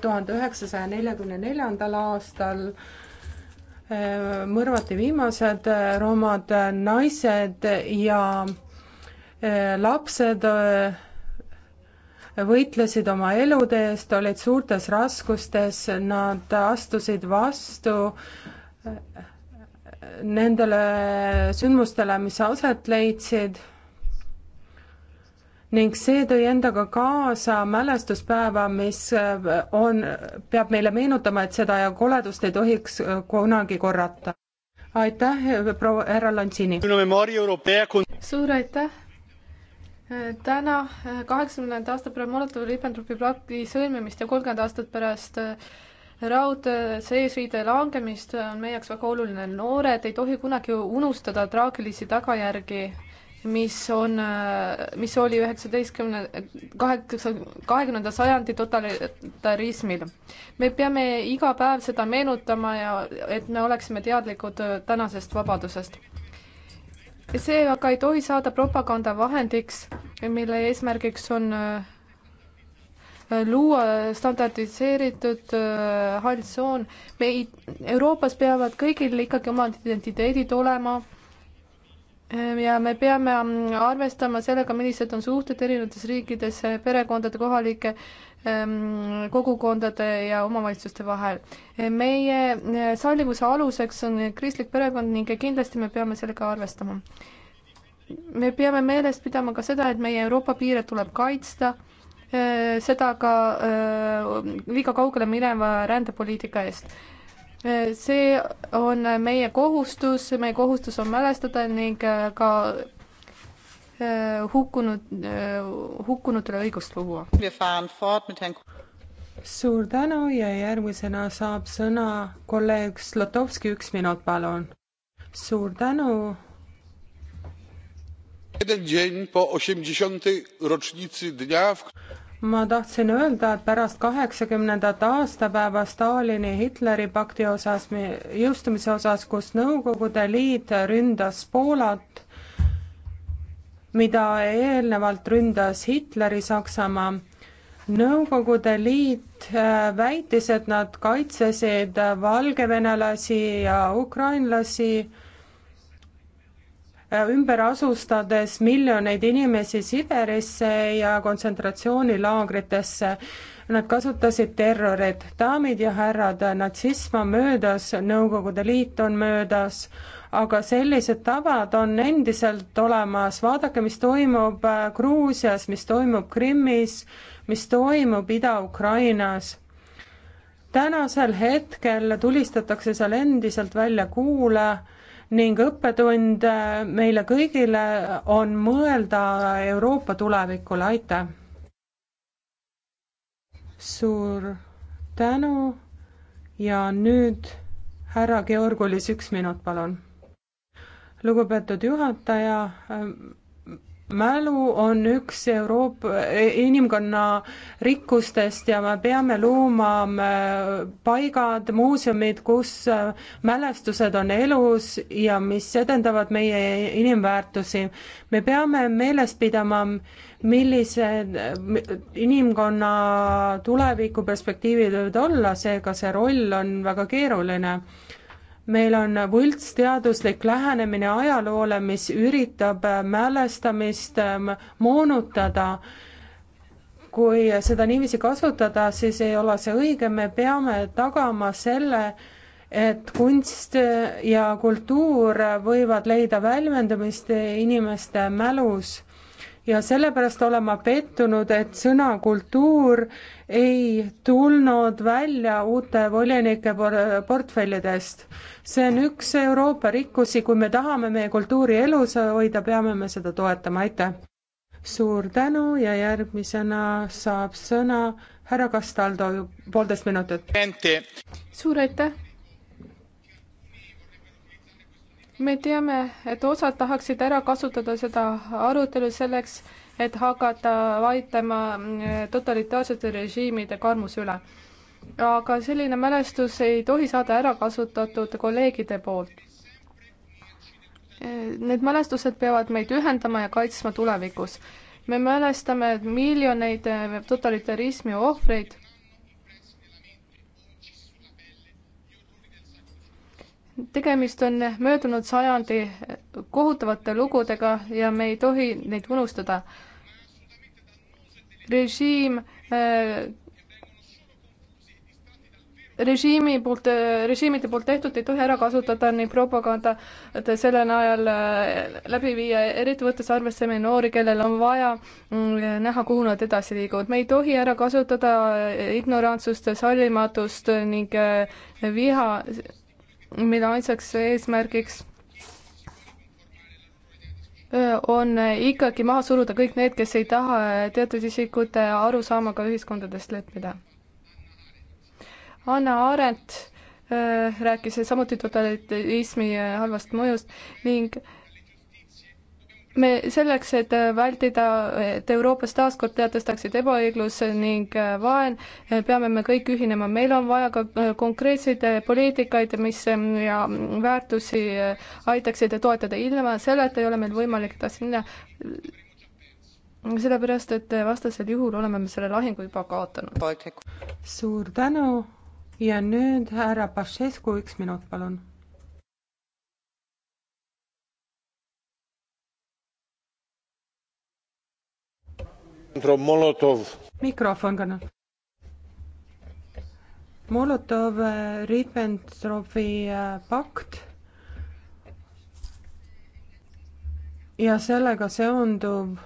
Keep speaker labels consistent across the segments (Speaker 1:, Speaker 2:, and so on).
Speaker 1: tuhande üheksasaja neljakümne neljandal aastal eh, mõrvati viimased eh, romad eh, naised ja lapsed võitlesid oma elude eest, olid suurtes raskustes, nad astusid vastu nendele sündmustele, mis aset leidsid ning see tõi endaga kaasa mälestuspäeva, mis äh, on, peab meile meenutama, et seda koledust ei tohiks äh, kunagi korrata. aitäh, proua härra Lantsini! suur aitäh!
Speaker 2: Äh, täna, kaheksakümnenda aasta pärast Molotovi-Ribbentropi plati sõlmimist ja kolmkümmend aastat pärast raudse eesriide langemist on meie jaoks väga oluline. noored ei tohi kunagi unustada traagilisi tagajärgi mis on, mis oli üheksateistkümne, kaheksa, kahekümnenda sajandi totalitarismil. me peame iga päev seda meenutama ja et me oleksime teadlikud tänasest vabadusest see aga ei tohi saada propaganda vahendiks, mille eesmärgiks on äh, luua standardiseeritud äh, hall tsoon. me ei, Euroopas peavad kõigil ikkagi omad identiteedid olema Ehm, ja me peame mm, arvestama sellega, millised on suhted erinevates riikides perekondade, kohalike ehm, kogukondade ja omavalitsuste vahel. Ehm, meie eh, sallivuse aluseks on kristlik perekond ning kindlasti me peame sellega arvestama. me peame meeles pidama ka seda, et meie Euroopa piire tuleb kaitsta, eh, seda ka liiga eh, kaugele mineva rändepoliitika eest see on meie kohustus, meie kohustus on mälestada ning äh, ka äh, hukkunud, äh, hukkunutele õigust luua.
Speaker 1: suur tänu ja järgmisena saab sõna kolleeg Slotovski, üks minut, palun. suur tänu. Jeden dzień po osiemdziesiątej rocznicy dnia w ma tahtsin öelda, et pärast kaheksakümnendat aastapäeva Stalini Hitleri pakti osas, jõustumise osas, kus Nõukogude Liit ründas Poolat, mida eelnevalt ründas Hitleri Saksamaa, Nõukogude Liit äh, väitis, et nad kaitsesid valgevenelasi ja ukrainlasi Äh, ümber asustades miljoneid inimesi Siberisse ja kontsentratsioonilaagritesse. Nad kasutasid terrorit. daamid ja härrad, natsism on möödas, Nõukogude Liit on möödas, aga sellised tavad on endiselt olemas. vaadake, mis toimub äh, Gruusias, mis toimub Krimmis, mis toimub Ida-Ukrainas tänasel hetkel tulistatakse seal endiselt välja kuule ning õppetund äh, meile kõigile on mõelda Euroopa tulevikule, aitäh! suur tänu ja nüüd härra Georgulis üks minut, palun. lugupeetud juhataja, mälu on üks Euroopa, inimkonna rikkustest ja me peame looma äh, paigad, muuseumid, kus äh, mälestused on elus ja mis edendavad meie inimväärtusi. me peame meeles pidama, millised äh, inimkonna tulevikuperspektiivid võivad olla, seega see roll on väga keeruline meil on võltsteaduslik lähenemine ajaloole, mis üritab äh, mälestamist ähm, moonutada. kui seda niiviisi kasutada, siis ei ole see õige, me peame tagama selle, et kunst äh, ja kultuur võivad leida väljendamist inimeste mälus ja sellepärast olen ma pettunud, et sõna kultuur äh, ei tulnud välja uute volinike portfellidest. see on üks Euroopa rikkusi, kui me tahame meie kultuuri elus hoida, peame me seda toetama, aitäh! suur tänu ja järgmisena saab sõna härra Castaldo, poolteist minutit.
Speaker 2: suur aitäh! me teame, et osad tahaksid ära kasutada seda arutelu selleks, et hakata vaidlema äh, totalitaarsete režiimide karmuse üle. aga selline mälestus ei tohi saada ära kasutatud kolleegide poolt. Äh, need mälestused peavad meid ühendama ja kaitsma tulevikus. me mälestame miljoneid äh, totalitarismi ohvreid tegemist on möödunud sajandi kohutavate lugudega ja me ei tohi neid unustada. režiim äh, režiimi poolt, äh, režiimide poolt tehtud ei tohi ära kasutada nii propaganda, et selle najal äh, läbi viia, eriti võttes arvesse meie noori, kellel on vaja mm, näha, kuhu nad edasi liiguvad. me ei tohi ära kasutada äh, ignorantsust, sallimatust ning viha mille ainsaks eesmärgiks on ikkagi maha suruda kõik need, kes ei taha teatud isikute arusaamaga ühiskondadest leppida. Anna Arendt rääkis samuti totalitarismi halvast mõjust ning äh, me selleks, et vältida, et Euroopas taaskord teatastaksid ebaõiglus ning äh, vaen, äh, peame me kõik ühinema, meil on vaja ka äh, konkreetseid poliitikaid, mis ja väärtusi aitaksid toetada, ilma selleta ei ole meil võimalik edasi minna. sellepärast, et vastasel juhul oleme me selle lahingu juba kaotanud.
Speaker 1: suur tänu ja nüüd härra Pašescu, üks minut, palun mikrofon kannab. Molotov-Ribbentropi eh, eh, pakt ja sellega seonduv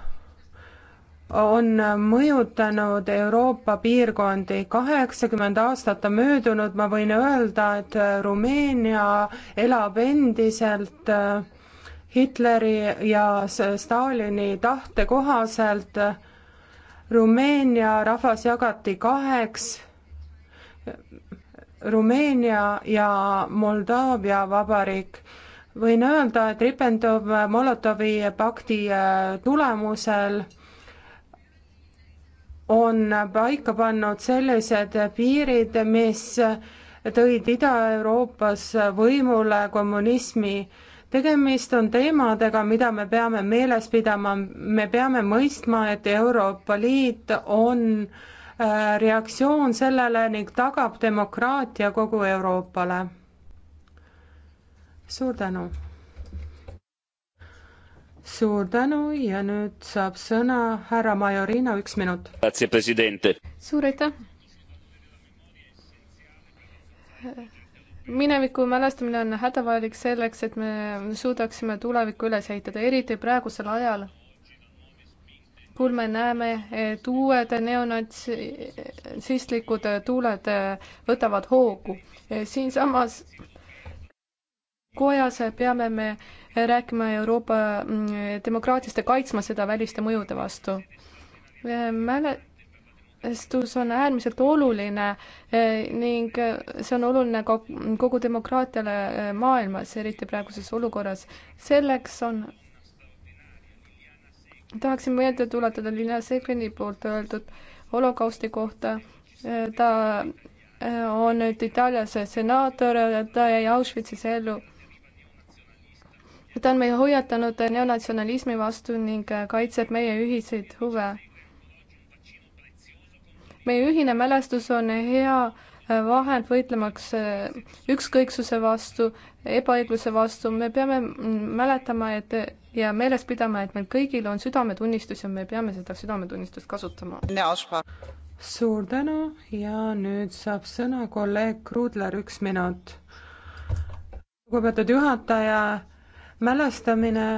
Speaker 1: on mõjutanud Euroopa piirkondi. kaheksakümmend aastat on möödunud, ma võin öelda, et eh, Rumeenia elab endiselt Hitleri ja Stalini tahte kohaselt Rumeenia rahvas jagati kaheks. Rumeenia ja Moldaavia vabariik. võin öelda, et Ribbentrop-Molotovi pakti äh, tulemusel on paika pannud sellised piirid, mis tõid Ida-Euroopas võimule kommunismi tegemist on teemadega, mida me peame meeles pidama, me peame mõistma, et Euroopa Liit on äh, reaktsioon sellele ning tagab demokraatia kogu Euroopale. suur tänu. suur tänu ja nüüd saab sõna härra Majorino, üks minut. suur aitäh
Speaker 2: mineviku mälestamine on hädavajalik selleks, et me suudaksime tulevikku üles ehitada, eriti praegusel ajal, kui me näeme, et uued neonatsistlikud tuuled võtavad hoogu. siinsamas kojas peame me rääkima Euroopa demokraatiast ja kaitsma seda väliste mõjude vastu. mäle-, stus on äärmiselt oluline eh, ning eh, see on oluline ka kogu demokraatiale eh, maailmas, eriti praeguses olukorras. selleks on, tahaksin meelde tuletada Liina Segrini poolt öeldud holokausti kohta. ta on nüüd Itaalias senaator, ta jäi Auschwitzis ellu. ta on meid hoiatanud neonatsionalismi vastu ning kaitseb meie ühiseid huve meie ühine mälestus on hea äh, vahend võitlemaks äh, ükskõiksuse vastu, ebaõigluse vastu, me peame mm, mäletama, et ja meeles pidama, et meil kõigil on südametunnistus ja me peame seda südametunnistust kasutama.
Speaker 1: suur tänu ja nüüd saab sõna kolleeg Kruudler, üks minut. lugupeetud juhataja, mälestamine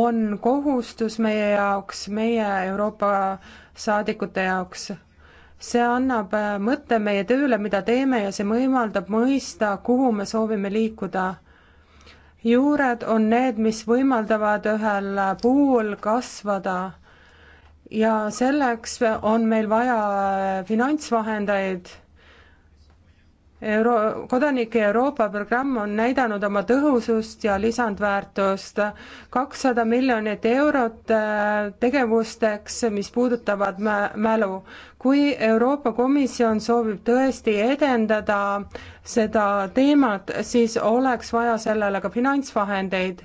Speaker 1: on kohustus meie jaoks, meie Euroopa saadikute jaoks see annab äh, mõtte meie tööle, mida teeme ja see võimaldab mõista, kuhu me soovime liikuda. juured on need, mis võimaldavad ühel puul kasvada ja selleks on meil vaja äh, finantsvahendeid. Euro-, kodanike Euroopa programm on näidanud oma tõhusust ja lisandväärtust. kakssada miljonit eurot äh, tegevusteks, mis puudutavad mä-, mälu kui Euroopa Komisjon soovib tõesti edendada seda teemat, siis oleks vaja sellele ka finantsvahendeid.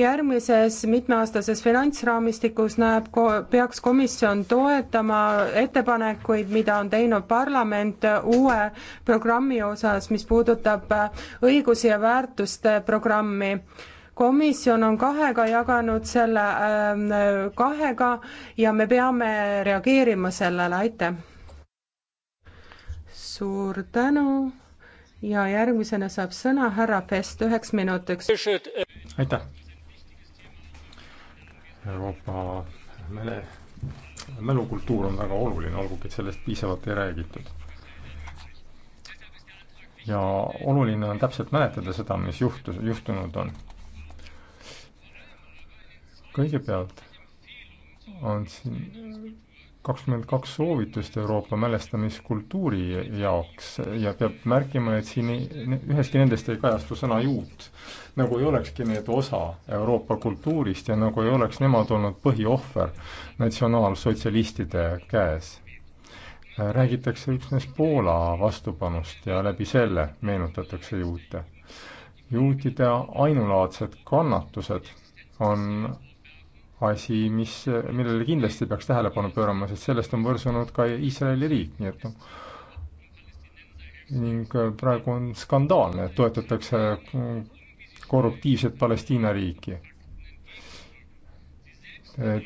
Speaker 1: järgmises mitmeaastases finantsraamistikus näeb, peaks komisjon toetama ettepanekuid, mida on teinud parlament uue programmi osas, mis puudutab õigusi ja väärtuste programmi komisjon on kahega jaganud selle äh, kahega ja me peame reageerima sellele, aitäh. suur tänu ja järgmisena saab sõna härra Pest üheks minutiks.
Speaker 3: aitäh. Euroopa mäle, mälukultuur on väga oluline, olgugi et sellest piisavalt ei räägitud. ja oluline on täpselt mäletada seda, mis juhtus, juhtunud on kõigepealt on siin kakskümmend kaks soovitust Euroopa mälestamiskultuuri jaoks ja peab märkima, et siin ei, üheski nendest ei kajastu sõna juut. nagu ei olekski need osa Euroopa kultuurist ja nagu ei oleks nemad olnud põhiohver natsionaalsotsialistide käes. räägitakse üksnes Poola vastupanust ja läbi selle meenutatakse juute. juutide ainulaadset kannatused on asi, mis, millele kindlasti peaks tähelepanu pöörama, sest sellest on võrsunud ka Iisraeli riik, nii et noh, ning äh, praegu on skandaalne, et toetatakse äh, korruptiivset Palestiina riiki.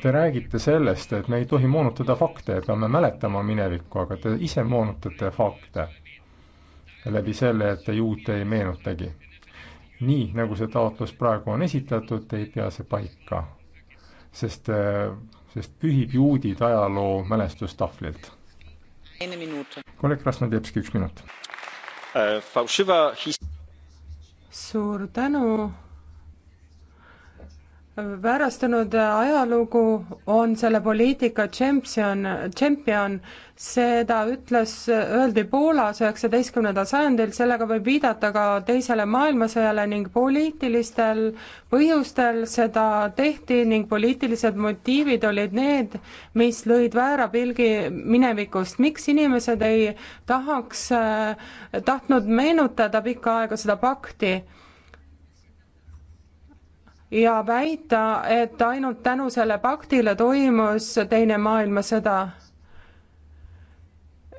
Speaker 3: Te räägite sellest, et me ei tohi moonutada fakte ja peame mäletama minevikku, aga te ise moonutate fakte läbi selle, et te juute ei meenutagi. nii, nagu see taotlus praegu on esitatud, ei pea see paika sest, äh, sest pühib juudid ajaloo mälestustahvlilt. kolleeg Krasnodebski, üks minut. Äh,
Speaker 1: suur tänu väärastunud ajalugu on selle poliitika tšempsion, tšempion, seda ütles, öeldi Poolas üheksateistkümnendal sajandil, sellega võib viidata ka Teisele maailmasõjale ning poliitilistel põhjustel seda tehti ning poliitilised motiivid olid need, mis lõid väära pilgi minevikust. miks inimesed ei tahaks, tahtnud meenutada pikka aega seda pakti? ja väita, et ainult tänu selle paktile toimus Teine maailmasõda.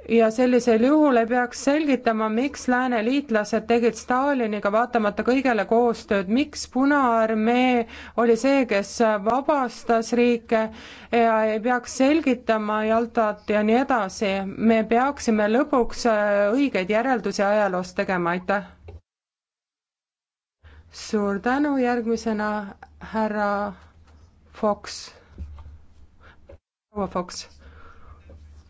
Speaker 1: ja sellisel juhul ei peaks selgitama, miks lääne liitlased tegid Staliniga vaatamata kõigele koostööd, miks Punaarmee oli see, kes vabastas riike ja ei peaks selgitama Jaltat ja nii edasi. me peaksime lõpuks õigeid järeldusi ajaloost tegema, aitäh! suur tänu, järgmisena härra Fox, proua Fox.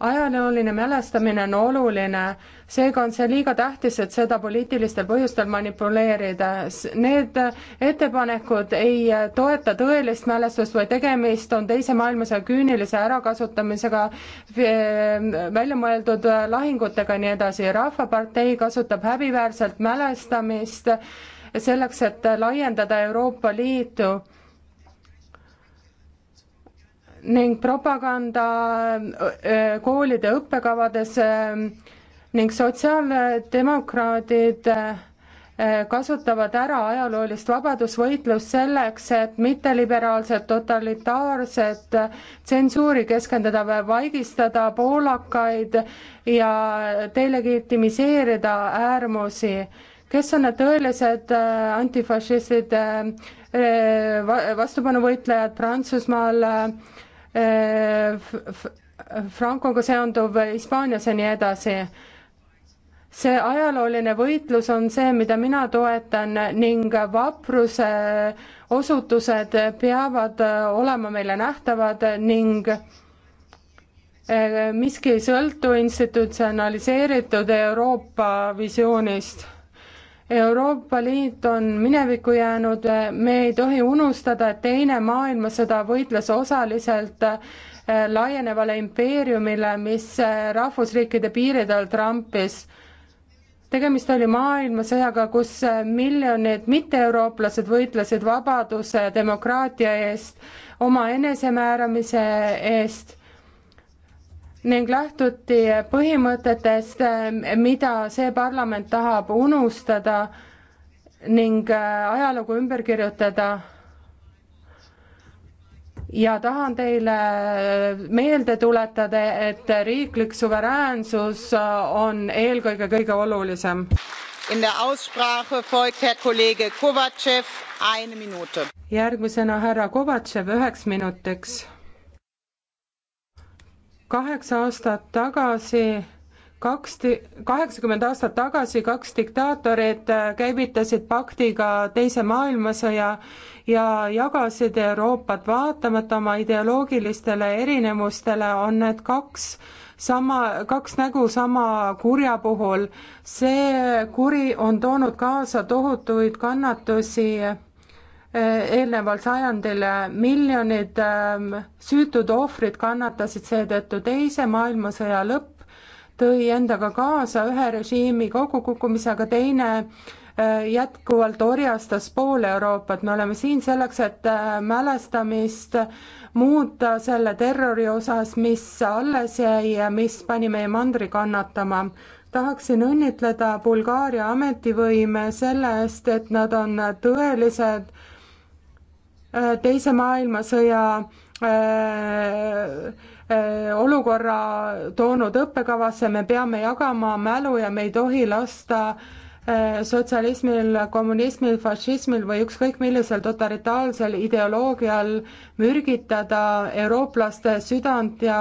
Speaker 1: ajalooline mälestamine on oluline, seega on see liiga tähtis, et seda poliitilistel põhjustel manipuleerida. Need ettepanekud ei toeta tõelist mälestust, vaid tegemist on Teise maailmasõja küünilise ärakasutamisega, välja mõeldud lahingutega ja nii edasi. rahvapartei kasutab häbiväärselt mälestamist selleks, et laiendada Euroopa Liitu ning propaganda koolide õppekavades ning sotsiaaldemokraadid kasutavad ära ajaloolist vabadusvõitlust selleks, et mitteliberaalset totalitaarset tsensuuri keskenduda või vaigistada poolakaid ja delegitimiseerida äärmusi kes on need tõelised äh, antifašistid, äh, äh, vastupanuvõitlejad Prantsusmaal, Francoga seonduv Hispaanias ja nii edasi. see ajalooline võitlus on see, mida mina toetan ning vapruse osutused peavad olema meile nähtavad ning miski ei sõltu institutsionaliseeritud Euroopa visioonist Euroopa Liit on minevikku jäänud, me ei tohi unustada, et Teine maailmasõda võitles osaliselt eh, laienevale impeeriumile, mis eh, rahvusriikide piiridel trampis. tegemist oli maailmasõjaga, kus eh, miljonid mitteeurooplased võitlesid vabaduse ja demokraatia eest, oma enesemääramise eest ning lähtuti põhimõtetest, mida see parlament tahab unustada ning äh, ajalugu ümber kirjutada ja tahan teile äh, meelde tuletada, et riiklik suveräänsus äh, on eelkõige kõige olulisem. In der Aussprache folgt Herr Kollege Kovatšev, eine Minute. järgmisena härra Kovatšev üheks minutiks kaheksa aastat tagasi kaks, kaheksakümmend aastat tagasi kaks diktaatorit äh, käivitasid paktiga Teise maailmasõja ja jagasid Euroopat. vaatamata oma ideoloogilistele erinevustele on need kaks sama, kaks nägu sama kurja puhul. see kuri on toonud kaasa tohutuid kannatusi eelneval sajandil miljonid ähm, süütud ohvrid kannatasid seetõttu teise maailmasõja lõpp tõi endaga kaasa ühe režiimi kokkukukkumise, aga teine äh, jätkuvalt orjastas pool Euroopat, me oleme siin selleks, et äh, mälestamist muuta selle terrori osas, mis alles jäi ja mis pani meie mandri kannatama tahaksin õnnitleda Bulgaaria ametivõime selle eest, et nad on tõelised Äh, teise maailmasõja äh, äh, olukorra toonud õppekavasse, me peame jagama mälu ja me ei tohi lasta sotsialismil, kommunismil, fašismil või ükskõik millisel totalitaalsel ideoloogial mürgitada eurooplaste südant ja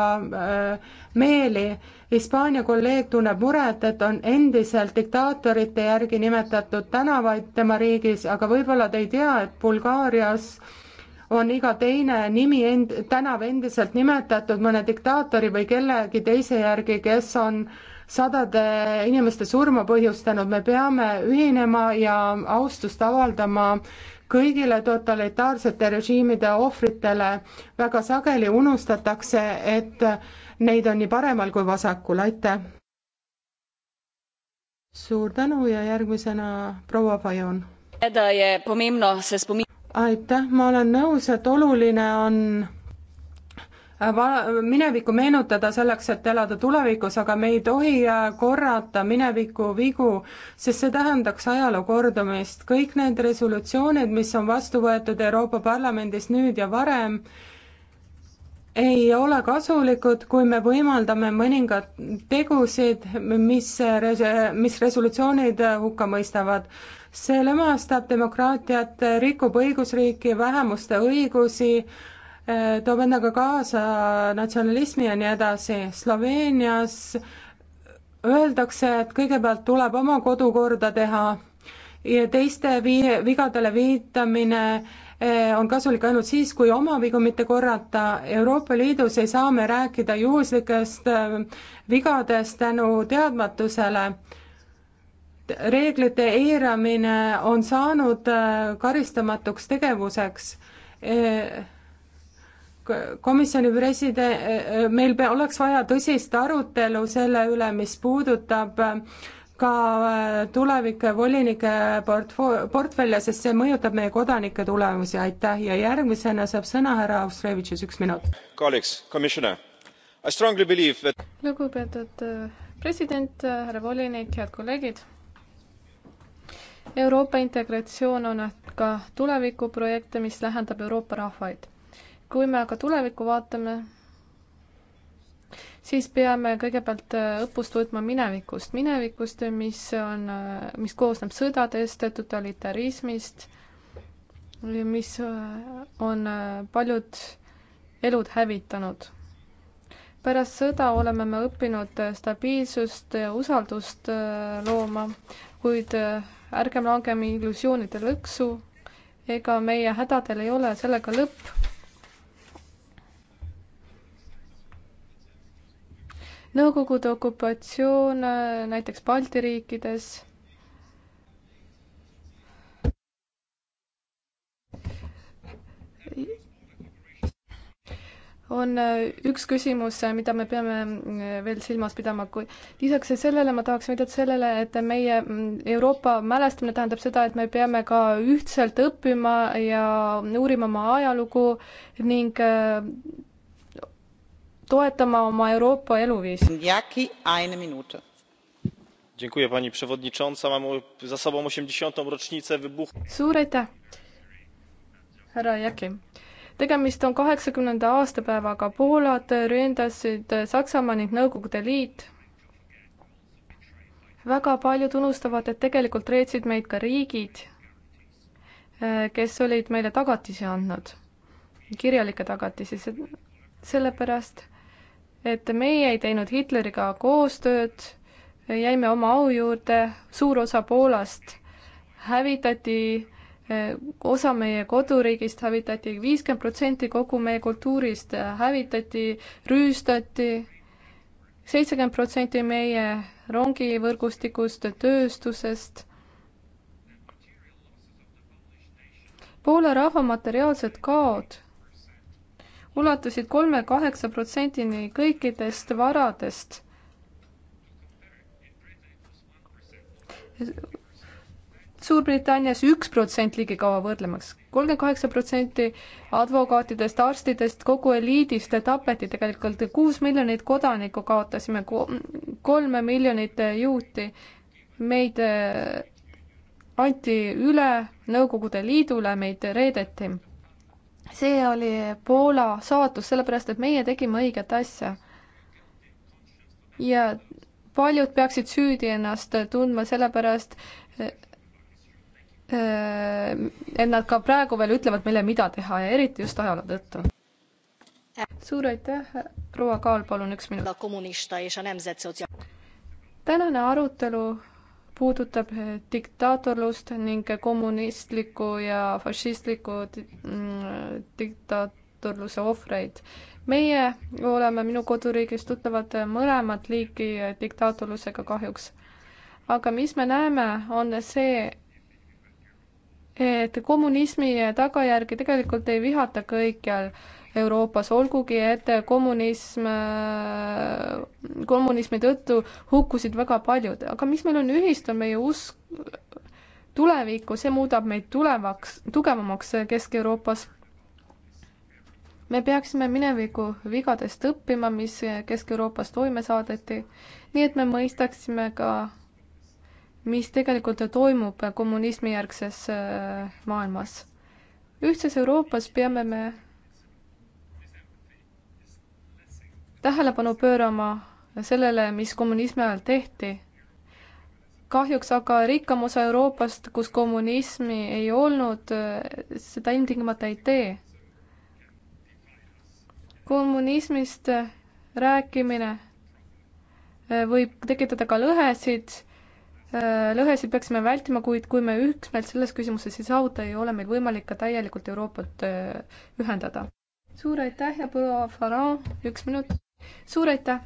Speaker 1: meeli. Hispaania kolleeg tunneb muret, et on endiselt diktaatorite järgi nimetatud tänavaid tema riigis, aga võib-olla te ei tea, et Bulgaarias on iga teine nimi end-, tänav endiselt nimetatud mõne diktaatori või kellegi teise järgi, kes on sadade inimeste surma põhjustanud, me peame ühinema ja austust avaldama kõigile totalitaarsete režiimide ohvritele väga sageli unustatakse, et neid on nii paremal kui vasakul, aitäh! suur tänu ja järgmisena proua Fajon. aitäh, ma olen nõus, et oluline on minevikku meenutada selleks, et elada tulevikus, aga me ei tohi äh, korrata mineviku vigu, sest see tähendaks ajaloo kordumist. kõik need resolutsioonid, mis on vastu võetud Euroopa Parlamendis nüüd ja varem, ei ole kasulikud, kui me võimaldame mõningad tegusid, mis, mis resolutsioonid äh, hukka mõistavad. see lõmastab demokraatiat, rikub õigusriiki, vähemuste õigusi Äh, toob endaga kaasa natsionalismi ja nii edasi. Sloveenias öeldakse, et kõigepealt tuleb oma kodu korda teha ja teiste vii-, vigadele viitamine äh, on kasulik ainult siis, kui oma vigu mitte korrata. Euroopa Liidus ei saa me rääkida juhuslikest äh, vigadest tänu teadmatusele reeglite eiramine on saanud karistamatuks tegevuseks komisjoni preside-, meil pe-, oleks vaja tõsist arutelu selle üle, mis puudutab äh, ka äh, tulevike volinike portfo-, portfelle, sest see mõjutab meie kodanike tulemusi, aitäh, ja järgmisena saab sõna härra Austrevitšis, üks minut.
Speaker 3: That...
Speaker 2: lugupeetud äh, president, härra volinik, head kolleegid Euroopa integratsioon on ka tulevikuprojekt, mis lähendab Euroopa rahvaid kui me aga tulevikku vaatame, siis peame kõigepealt äh, õppust võtma minevikust, minevikust, mis on, äh, mis koosneb sõdadest, totalitarismist, mis äh, on paljud elud hävitanud. pärast sõda oleme me õppinud stabiilsust ja usaldust looma, kuid ärgem langem illusioonide lõksu, ega meie hädadel ei ole sellega lõpp Nõukogude okupatsioon äh, näiteks Balti riikides on äh, üks küsimus, äh, mida me peame veel silmas pidama, kui lisaks sellele ma tahaks viidata sellele, et meie mm, Euroopa mälestamine tähendab seda, et me peame ka ühtselt õppima ja uurima oma ajalugu ning toetama oma Euroopa eluviisi.
Speaker 3: pani przewodnicząca, mamy za sobą osiemdziesiątą rocznicę wybuchu.
Speaker 2: suur aitäh, härra Jaki tegemist on kaheksakümnenda aastapäevaga, Poolat ründasid Saksamaa ning Nõukogude Liit. väga paljud unustavad, et tegelikult reetsid meid ka riigid, kes olid meile tagatisi andnud, kirjalikke tagatisi, sellepärast et meie ei teinud Hitleriga koostööd, jäime oma au juurde, suur osa Poolast hävitati, osa meie koduriigist hävitati, viiskümmend protsenti kogu meie kultuurist hävitati, rüüstati, seitsekümmend protsenti meie rongivõrgustikust, tööstusest. Poola rahva materiaalsed kaod ulatusid kolme kaheksa protsendini kõikidest varadest. Suurbritannias üks protsent ligikaua võrdlemaks, kolmkümmend kaheksa protsenti advokaatidest, arstidest, kogu eliidist tapeti tegelikult, kuus miljonit kodanikku kaotasime, kolme miljonit juuti, meid eh, anti üle Nõukogude Liidule, meid reedeti see oli Poola saatus, sellepärast et meie tegime õiget asja. ja paljud peaksid süüdi ennast tundma sellepärast, eh, eh, et nad ka praegu veel ütlevad meile, mida teha ja eriti just ajaloo tõttu. suur aitäh, proua Kaal, palun üks minut. tänane arutelu puudutab diktaatorlust ning kommunistliku ja fašistliku mm, diktaatorluse ohvreid. meie oleme minu koduriigis tuttavad mõlemat liiki diktaatorlusega kahjuks. aga mis me näeme, on see, et kommunismi tagajärgi tegelikult ei vihata kõikjal Euroopas, olgugi et kommunism, kommunismi tõttu hukkusid väga paljud, aga mis meil on ühist, on meie usk tulevikku, see muudab meid tulevaks, tugevamaks Kesk-Euroopas. me peaksime mineviku vigadest õppima, mis Kesk-Euroopas toime saadeti, nii et me mõistaksime ka, mis tegelikult toimub kommunismijärgses äh, maailmas. ühtses Euroopas peame me tähelepanu pöörama sellele, mis kommunismi ajal tehti. kahjuks aga rikkam osa Euroopast, kus kommunismi ei olnud, seda ilmtingimata ei tee. kommunismist rääkimine võib tekitada ka lõhesid lõhesid peaksime vältima, kuid kui me üksmeelt selles küsimuses ei saavuta, ei ole meil võimalik ka täielikult Euroopat ühendada. suur aitäh ja proua Farah, üks minut suur aitäh!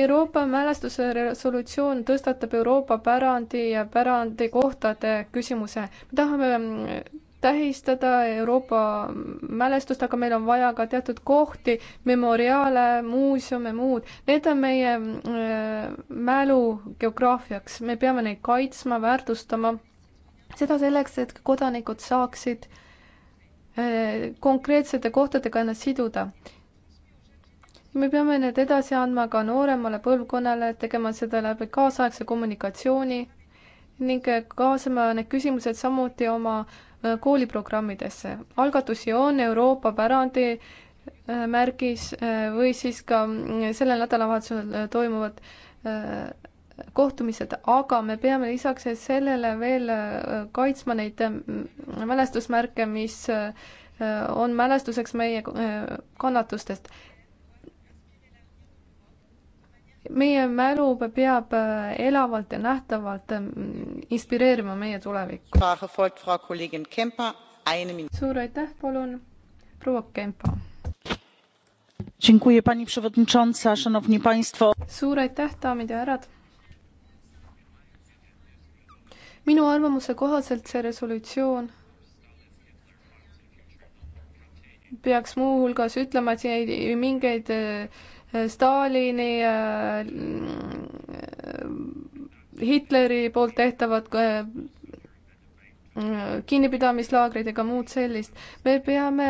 Speaker 2: Euroopa mälestuse resolutsioon tõstatab Euroopa pärandi ja pärandikohtade küsimuse. me tahame mm, tähistada Euroopa mälestust, aga meil on vaja ka teatud kohti, memoriaale, muuseume, muud. Need on meie mm, äh, mälu geograafiaks, me peame neid kaitsma, väärtustama. seda selleks, et kodanikud saaksid äh, konkreetsete kohtadega ennast siduda me peame need edasi andma ka nooremale põlvkonnale, tegema seda läbi kaasaegse kommunikatsiooni ning kaasama need küsimused samuti oma äh, kooliprogrammidesse. algatusi on Euroopa pärandi äh, märgis äh, või siis ka mm, sellel nädalavahetusel toimuvad kohtumised, aga me peame lisaks sellele veel kaitsma neid mm, mälestusmärke, mis on mälestuseks meie kannatustest meie mälu peab äh, elavalt ja nähtavalt mm, inspireerima meie tulevikku. suur aitäh, palun, proua Kempa. suur aitäh, daamid ja härrad. minu arvamuse kohaselt see resolutsioon peaks muuhulgas ütlema, et siin ei mingeid äh, Stalini äh, Hitleri poolt tehtavad äh, kinnipidamislaagrid ega muud sellist. me peame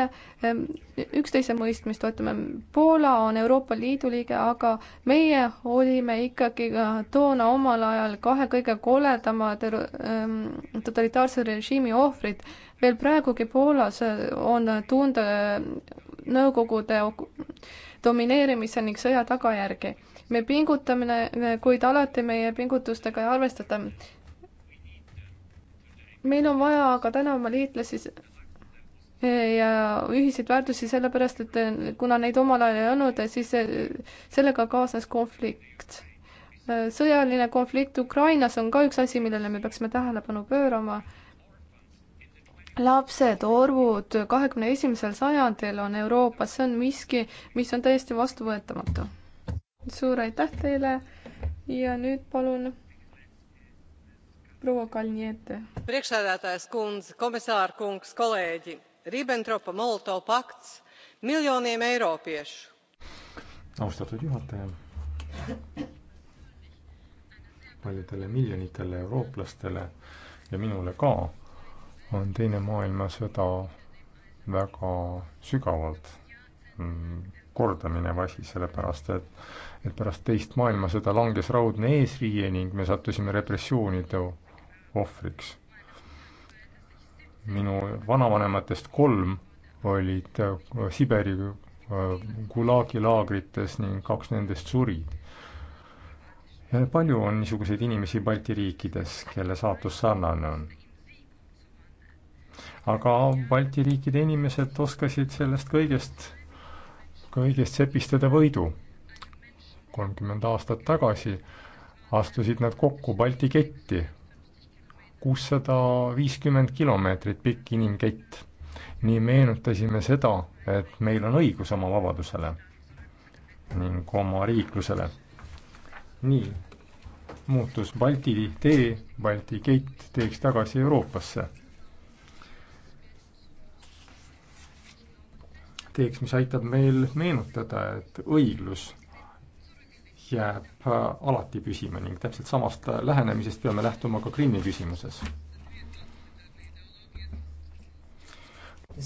Speaker 2: üksteise mõistmist toetama. Poola on Euroopa Liidu liige, aga meie olime ikkagi toona omal ajal kahe kõige koledama terro-, ähm, totalitaarse režiimi ohvrid veel praegugi Poolas äh, on tunda äh, Nõukogude domineerimise ning sõja tagajärgi. me pingutame, äh, kuid alati meie pingutustega ei arvestata. meil on vaja aga täna oma liitlasi ja ühiseid väärtusi, sellepärast et kuna neid omal ajal ei olnud, siis sellega kaasnes konflikt. sõjaline konflikt Ukrainas on ka üks asi, millele me peaksime tähelepanu pöörama lapsed, orvud kahekümne esimesel sajandil on Euroopas, see on miski, mis on täiesti vastuvõetamatu. suur aitäh teile ja nüüd palun proua Kalniete.
Speaker 1: priekšsēdētājs kundz, komisār kungs, kolēģi, Ribbentropa Molotov pakts miljoniem eiropiešu.
Speaker 3: austatud juhataja, paljudele miljonitele eurooplastele ja minule ka on Teine maailmasõda väga sügavalt mm, korda minev asi, sellepärast et, et pärast Teist maailmasõda langes raudne eesriie ning me sattusime repressioonide ohvriks. minu vanavanematest kolm olid äh, Siberi äh, Gulagi laagrites ning kaks nendest surid. palju on niisuguseid inimesi Balti riikides, kelle saatus sarnane on aga Balti riikide inimesed oskasid sellest kõigest, kõigest sepistada võidu. kolmkümmend aastat tagasi astusid nad kokku Balti ketti, kuussada viiskümmend kilomeetrit pikk inimkett. nii meenutasime seda, et meil on õigus oma vabadusele ning oma riiklusele. nii muutus Balti tee, Balti kett teeks tagasi Euroopasse teeks, mis aitab meil meenutada, et õiglus jääb äh, alati püsima ning täpselt samast äh, lähenemisest peame lähtuma ka Krimmi küsimuses.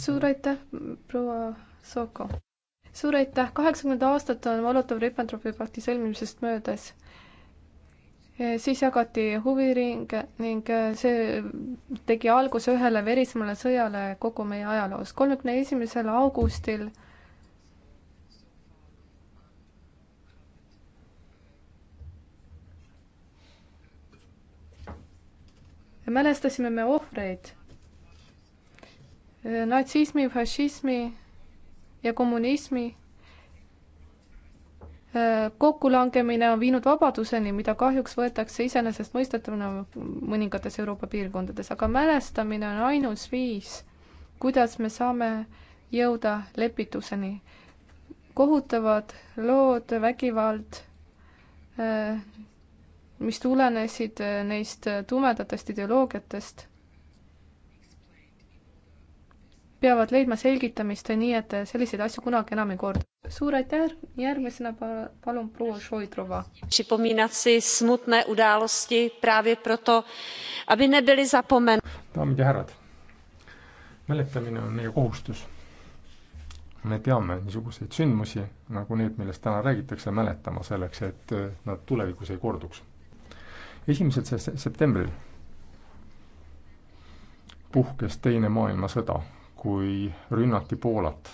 Speaker 2: suur aitäh, proua Soko! suur aitäh, kaheksakümmend aastat on Molotov-Ribbentropi pakti sõlmimisest möödas Eh, siis jagati huviring ning eh, see tegi alguse ühele verisemale sõjale kogu meie ajaloos. kolmekümne esimesel augustil mälestasime me ohvreid, eh, natsismi, fašismi ja kommunismi kokkulangemine on viinud vabaduseni, mida kahjuks võetakse iseenesestmõistetavana mõningates Euroopa piirkondades, aga mälestamine on ainus viis, kuidas me saame jõuda lepituseni. kohutavad lood, vägivald, äh, mis tulenesid äh, neist tumedatest ideoloogiatest peavad leidma selgitamist, nii et selliseid asju kunagi enam ei kordu. suur aitäh, järgmisena palun proua Šoidrova. Připomínat si smutné události právě proto, aby nebyly zapomen-.
Speaker 3: daamid ja härrad, mäletamine on meie kohustus. me peame niisuguseid sündmusi, nagu need, millest täna räägitakse, mäletama selleks, et äh, nad tulevikus ei korduks. esimesel septembril puhkes Teine maailmasõda kui rünnati Poolat.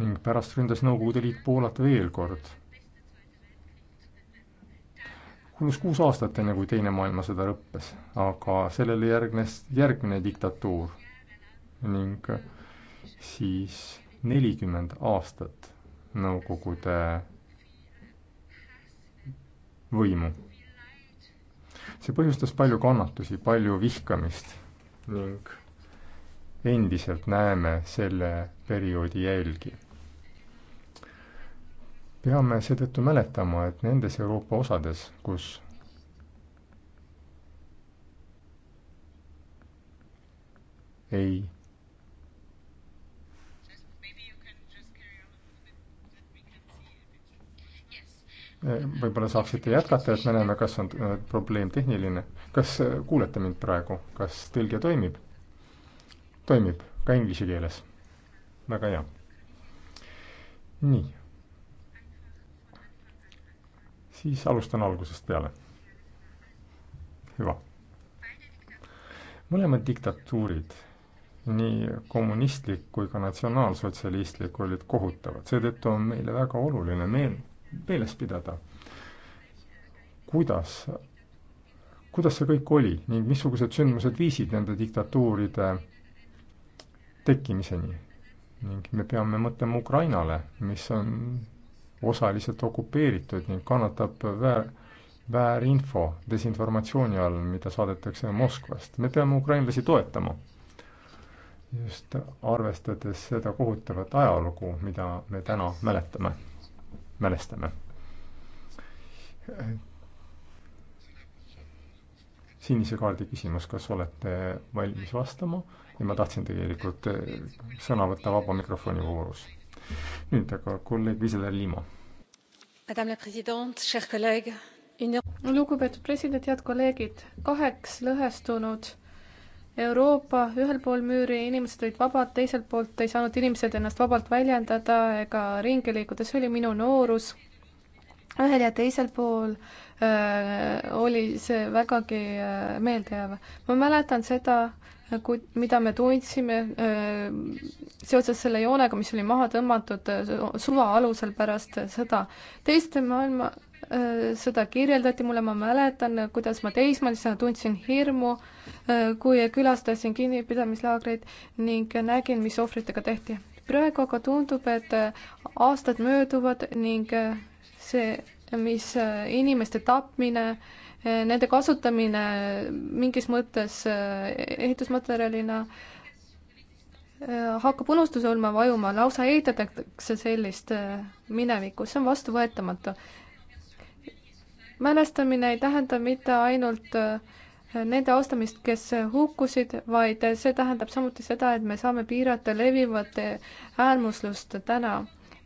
Speaker 3: ning pärast ründas Nõukogude Liit Poolat veel kord. kulus kuus aastat, enne kui Teine maailmasõda lõppes, aga sellele järgnes järgmine diktatuur ning siis nelikümmend aastat Nõukogude võimu. see põhjustas palju kannatusi, palju vihkamist ning endiselt näeme selle perioodi jälgi. peame seetõttu mäletama, et nendes Euroopa osades, kus ei võib-olla saaksite jätkata, et me näeme, kas on äh, probleem tehniline. kas äh, kuulete mind praegu, kas tõlge toimib? toimib ka inglise keeles. väga hea. nii. siis alustan algusest peale. hüva. mõlemad diktatuurid, nii kommunistlik kui ka natsionaalsotsialistlik, olid kohutavad, seetõttu on meile väga oluline meel, meeles pidada, kuidas kuidas see kõik oli ning missugused sündmused viisid nende diktatuuride tekkimiseni ning me peame mõtlema Ukrainale, mis on osaliselt okupeeritud ning kannatab väär, väärinfo, desinformatsiooni all, mida saadetakse Moskvast. me peame ukrainlasi toetama. just arvestades seda kohutavat ajalugu, mida me täna mäletame, mälestame. sinise kaardi küsimus, kas olete valmis vastama? ja ma tahtsin tegelikult äh, sõna võtta vaba mikrofoni voorus. nüüd aga kolleeg Viseler Liima.
Speaker 2: lugupeetud president, head kolleegid, kaheks lõhestunud Euroopa, ühel pool müüri inimesed olid vabad, teiselt poolt ei saanud inimesed ennast vabalt väljendada ega ringi liikuda, see oli minu noorus. ühel ja teisel pool öö, äh, oli see vägagi äh, meeldejääv. ma mäletan seda, kui, mida me tundsime äh, seoses selle joonega, mis oli maha tõmmatud äh, suva alusel pärast sõda. teist maailmasõda äh, kirjeldati mulle, ma mäletan, kuidas ma teismelisena tundsin hirmu, kui külastasin kinnipidamislaagreid ning nägin, mis ohvritega tehti. praegu aga tundub, et aastad mööduvad ning see, mis inimeste tapmine äh, nende kasutamine mingis mõttes eh, ehitusmaterjalina eh, hakkab unustusolma vajuma, lausa eitatakse sellist eh, minevikku, see on vastuvõetamatu. mälestamine ei tähenda mitte ainult nende austamist, kes hukkusid, vaid see tähendab samuti seda, et me saame piirata levivat äärmuslust täna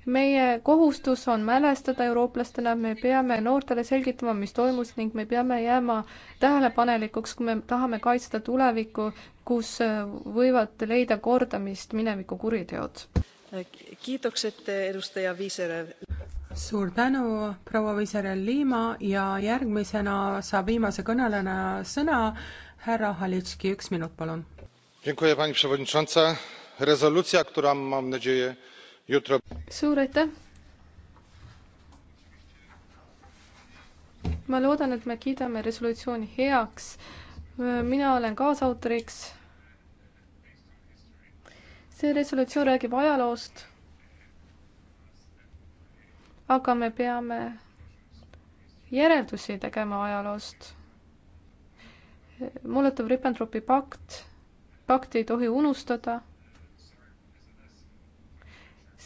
Speaker 2: meie kohustus on mälestada eurooplastena, me peame noortele selgitama, mis toimus ning me peame jääma tähelepanelikuks, kui me tahame kaitsta tulevikku, kus äh, võivad leida kordamist mineviku kuriteod. kiitokset, edustaja Viiserev.
Speaker 1: suur tänu, proua Viiserev-Liima ja järgmisena saab viimase kõnelejana sõna härra Halitski, üks minut, palun.
Speaker 3: Dziękuję pani przewodnicząca. rezolucja, która mam nadzieję
Speaker 2: suur aitäh! ma loodan, et me kiidame resolutsiooni heaks. mina olen kaasautoriks. see resolutsioon räägib ajaloost. aga me peame järeldusi tegema ajaloost. Molotov-Ribbentropi pakt, pakti ei tohi unustada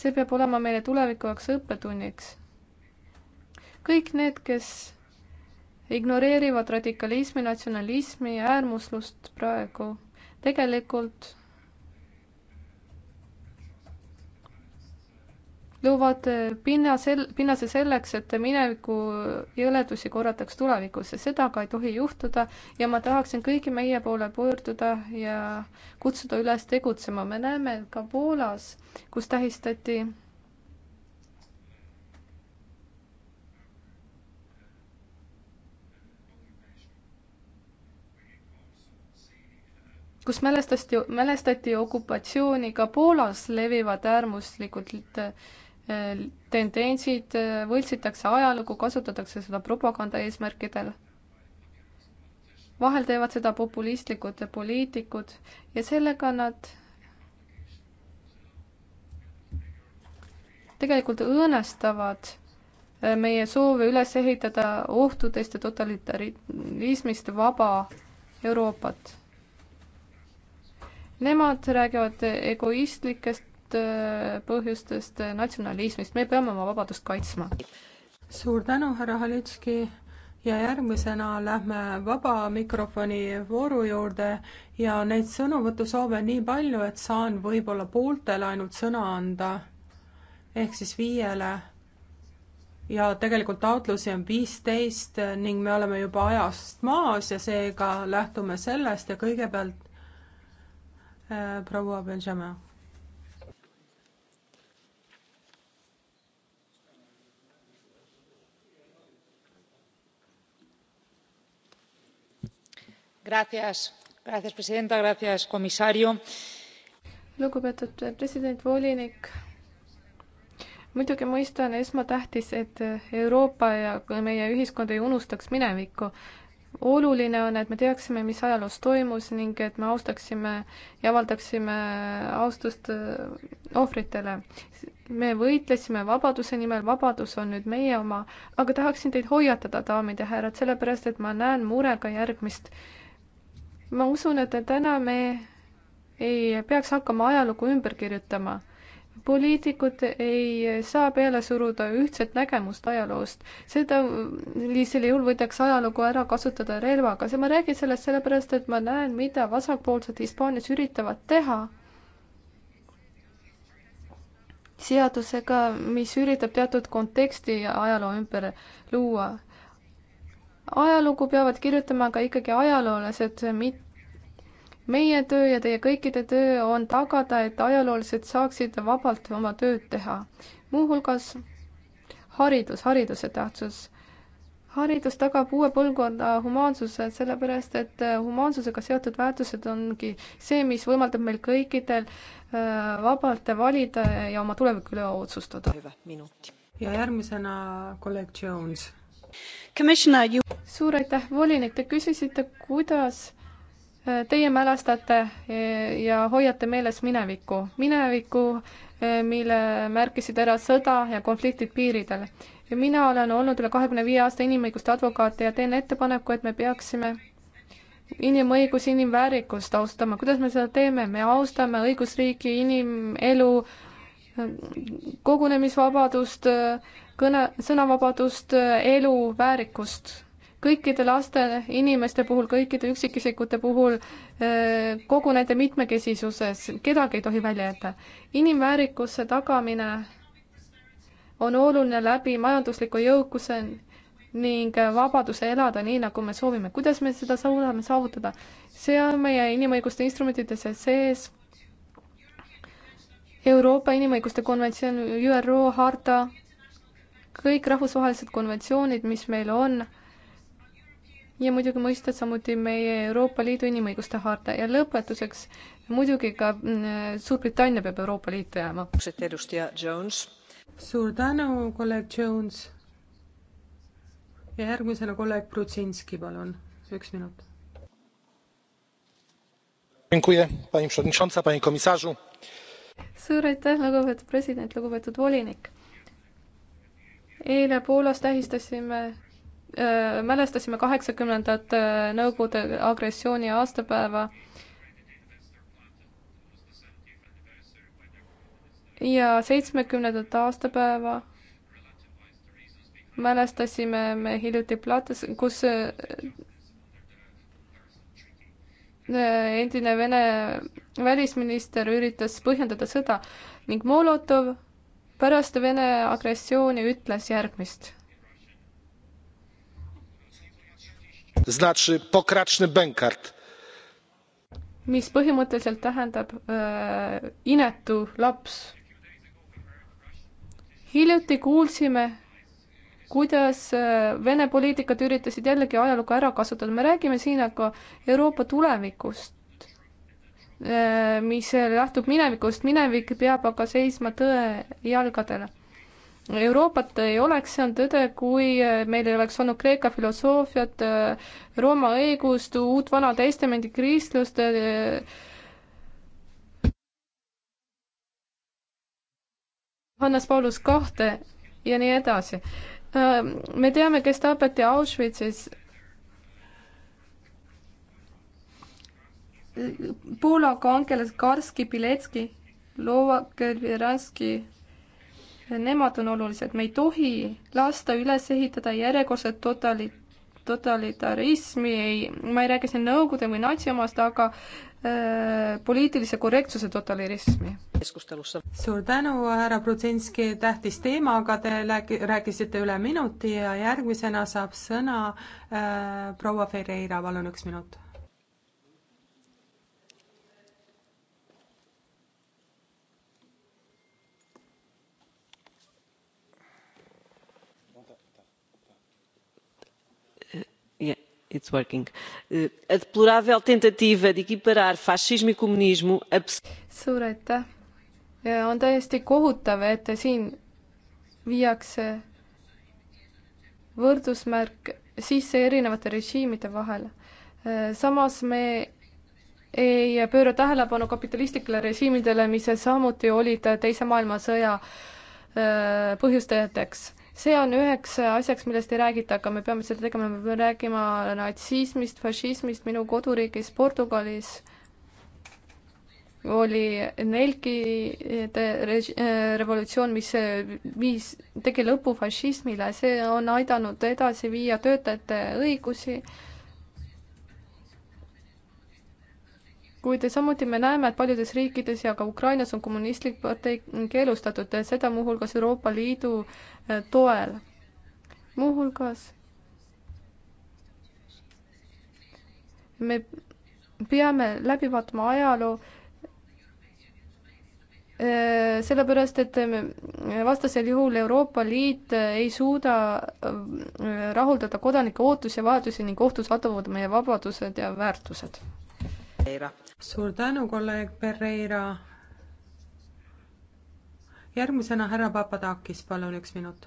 Speaker 2: see peab olema meile tulevikuks õppetunniks. kõik need, kes ignoreerivad radikalismi, natsionalismi, äärmuslust praegu, tegelikult loovad pinnase, pinnase selleks, et mineviku jõledusi korrataks tulevikus ja seda aga ei tohi juhtuda ja ma tahaksin kõigi meie poole pöörduda ja kutsuda üles tegutsema. me näeme ka Poolas, kus tähistati kus mälestati, mälestati okupatsiooni, ka Poolas levivad äärmuslikud Äh, tendentsid, äh, võltsitakse ajalugu, kasutatakse seda propaganda eesmärkidel. vahel teevad seda populistlikud poliitikud ja sellega nad tegelikult õõnestavad äh, meie soovi üles ehitada ohtudest ja totalitarismist vaba Euroopat. Nemad räägivad egoistlikest Äh, põhjustest, äh, natsionalismist, me peame oma vabadust kaitsma. suur tänu, härra Halitski ja järgmisena lähme
Speaker 1: vaba mikrofoni vooru juurde ja neid sõnavõtusoove nii palju, et saan võib-olla pooltele ainult sõna anda, ehk siis viiele. ja tegelikult taotlusi on viisteist ning me oleme juba ajast maas ja seega lähtume sellest ja kõigepealt äh, proua Benjamin señora presidenta
Speaker 2: lugupeetud president volinik muidugi mõistan esmatähtis et euroopa ja meie ühiskond ei unustaks minevikku oluline on et me teaksime mis ajaloos toimus ning et me austaksime ja avaldaksime austust äh, ohvritele me võitlesime vabaduse nimel vabadus on nüüd meie oma aga tahaksin teid hoiatada daamid ja härrad sellepärast et ma näen murega järgmist ma usun, et täna me ei peaks hakkama ajalugu ümber kirjutama. poliitikud ei saa peale suruda ühtset nägemust ajaloost. seda, sellisel juhul võidakse ajalugu ära kasutada relvaga, ma räägin sellest sellepärast, et ma näen, mida vasakpoolsed Hispaanias üritavad teha seadusega, mis üritab teatud konteksti ajaloo ümber luua ajalugu peavad kirjutama ka ikkagi ajaloolased, mitte meie töö ja teie kõikide töö on tagada, et ajaloolased saaksid vabalt oma tööd teha. muuhulgas haridus, hariduse tähtsus. haridus tagab uue põlvkonna humaansuse, sellepärast et äh, humaansusega seotud väärtused ongi see, mis võimaldab meil kõikidel äh, vabalt valida ja oma tuleviku üle otsustada. ja järgmisena kolleeg Jones You... suur aitäh, volinik, te küsisite, kuidas äh, teie mälestate äh, ja hoiate meeles minevikku, minevikku, äh, mille märkisid ära sõda ja konfliktid piiridel. ja mina olen olnud üle kahekümne viie aasta inimõiguste advokaat ja teen ettepaneku, et me peaksime inimõigusi, inimväärikust austama, kuidas me seda teeme, me austame õigusriiki, inimelu, kogunemisvabadust, kõne, sõnavabadust, elu, väärikust. kõikide laste, inimeste puhul, kõikide üksikisikute puhul, eh, kogu nende mitmekesisuses, kedagi ei tohi välja jätta. inimväärikuse tagamine on oluline läbi majandusliku jõukuse ning vabaduse elada nii, nagu me soovime. kuidas me seda suudame saavutada? see on meie inimõiguste instrumentidesse sees. Euroopa Inimõiguste Konventsioon, ÜRO harta kõik rahvusvahelised konventsioonid, mis meil on ja muidugi mõista samuti meie Euroopa Liidu inimõiguste harta ja lõpetuseks muidugi ka mm, Suurbritannia peab Euroopa Liitu jääma. suur tänu, kolleeg
Speaker 1: Jones. ja järgmisena kolleeg Brudzinski, palun,
Speaker 2: üks minut. suur aitäh, lugupeetud president, lugupeetud volinik eile Poolas tähistasime äh, mälestasime kaheksakümnendat äh, Nõukogude agressiooni aastapäeva. ja seitsmekümnendat aastapäeva mälestasime me hiljuti Platas, kus äh, endine Vene välisminister üritas põhjendada sõda ning Molotov pärast Vene agressiooni ütles järgmist. mis põhimõtteliselt tähendab äh, inetu laps. hiljuti kuulsime, kuidas äh, Vene poliitikud üritasid jällegi ajalugu ära kasutada, me räägime siin aga Euroopa tulevikust. Äh, mis lähtub minevikust, minevik peab aga seisma tõe jalgadele. Euroopat ei oleks, see on tõde, kui äh, meil ei oleks olnud Kreeka filosoofiat, äh, Rooma õigust, Uut-Vana Testamendi kristlust, Hannes Paulus kahte ja nii edasi. me teame, kes tapeti Auschwitzis Poola kangelased Karski, Piletski, Lovak, Veranski, nemad on olulised, me ei tohi lasta üles ehitada järjekordset totali-, totalitarismi, ei, ma ei räägi siin Nõukogude või natsi omast, aga äh, poliitilise korrektsuse totalirismi. suur tänu, härra Brudzinski, tähtis teema, aga te läki,
Speaker 1: rääkisite üle minuti ja järgmisena saab sõna äh, proua Ferreira, palun üks minut
Speaker 2: It's working. Et eh, plural tentative de equiparar fašismi kommunismu. E suur aitäh. on täiesti kohutav, et siin viiakse võrdusmärk sisse erinevate režiimide vahel. Eh, samas me ei pööra tähelepanu kapitalistlikele režiimidele, mis samuti olid Teise maailmasõja eh, põhjustajateks see on üheks asjaks, millest ei räägita, aga me peame seda tegema, me peame rääkima natsismist, fašismist, minu koduriigis Portugalis oli nelkide äh, revolutsioon, mis viis, tegi lõpu fašismile, see on aidanud edasi viia töötajate õigusi kuid samuti me näeme, et paljudes riikides ja ka Ukrainas on kommunistlik partei keelustatud, seda muuhulgas Euroopa Liidu eh, toel. muuhulgas me peame läbi vaatama ajaloo, eh, sellepärast, et eh, vastasel juhul Euroopa Liit ei suuda rahuldada kodanike ootusi ja vajadusi ning ohtu satuvad meie vabadused ja väärtused
Speaker 1: suur tänu, kolleeg Pereira. järgmisena härra Papadakis, palun üks minut.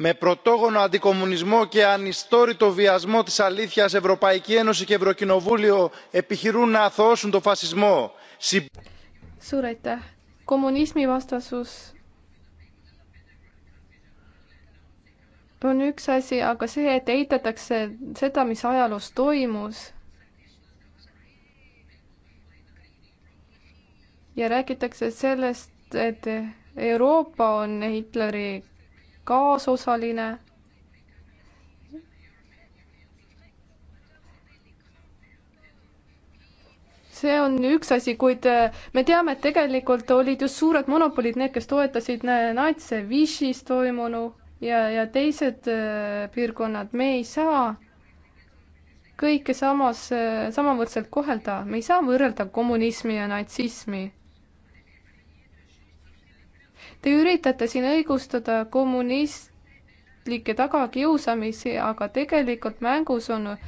Speaker 3: Με πρωτόγονο αντικομουνισμό και ανιστόρητο βιασμό της αλήθειας Ευρωπαϊκή Ένωση και Ευρωκοινοβούλιο επιχειρούν να αθώσουν το φασισμό.
Speaker 2: Suur aitäh! Kommunismi vastasus on üks asi, aga see, et eitatakse seda, mis ajaloos toimus ja räägitakse sellest, et Euroopa on Hitleri kaasosaline. see on üks asi, kuid äh, me teame, et tegelikult olid just suured monopolid need, kes toetasid natse Vichy's toimunu ja, ja teised äh, piirkonnad, me ei saa kõike samas, äh, samavõrdselt kohelda, me ei saa võrrelda kommunismi ja natsismi Te üritate siin õigustada kommunistlikke tagakiusamisi, aga tegelikult mängus on äh,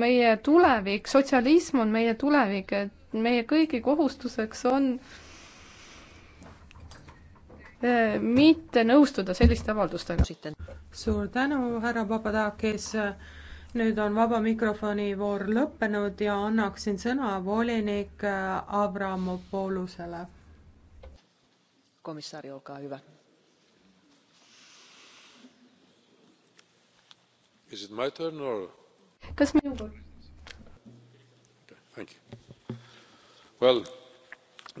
Speaker 2: meie tulevik, sotsialism on meie tulevik, et meie kõigi kohustuseks on äh, mitte nõustuda selliste avaldustega. suur tänu, härra Papadakis.
Speaker 1: nüüd on vaba mikrofoni voor lõppenud ja annaksin sõna volinik äh, Avramopolusele komissaari olkaa hyvä.
Speaker 3: Is it my turn or?
Speaker 2: Kas minun vuoro? Okay,
Speaker 3: thank you. Well,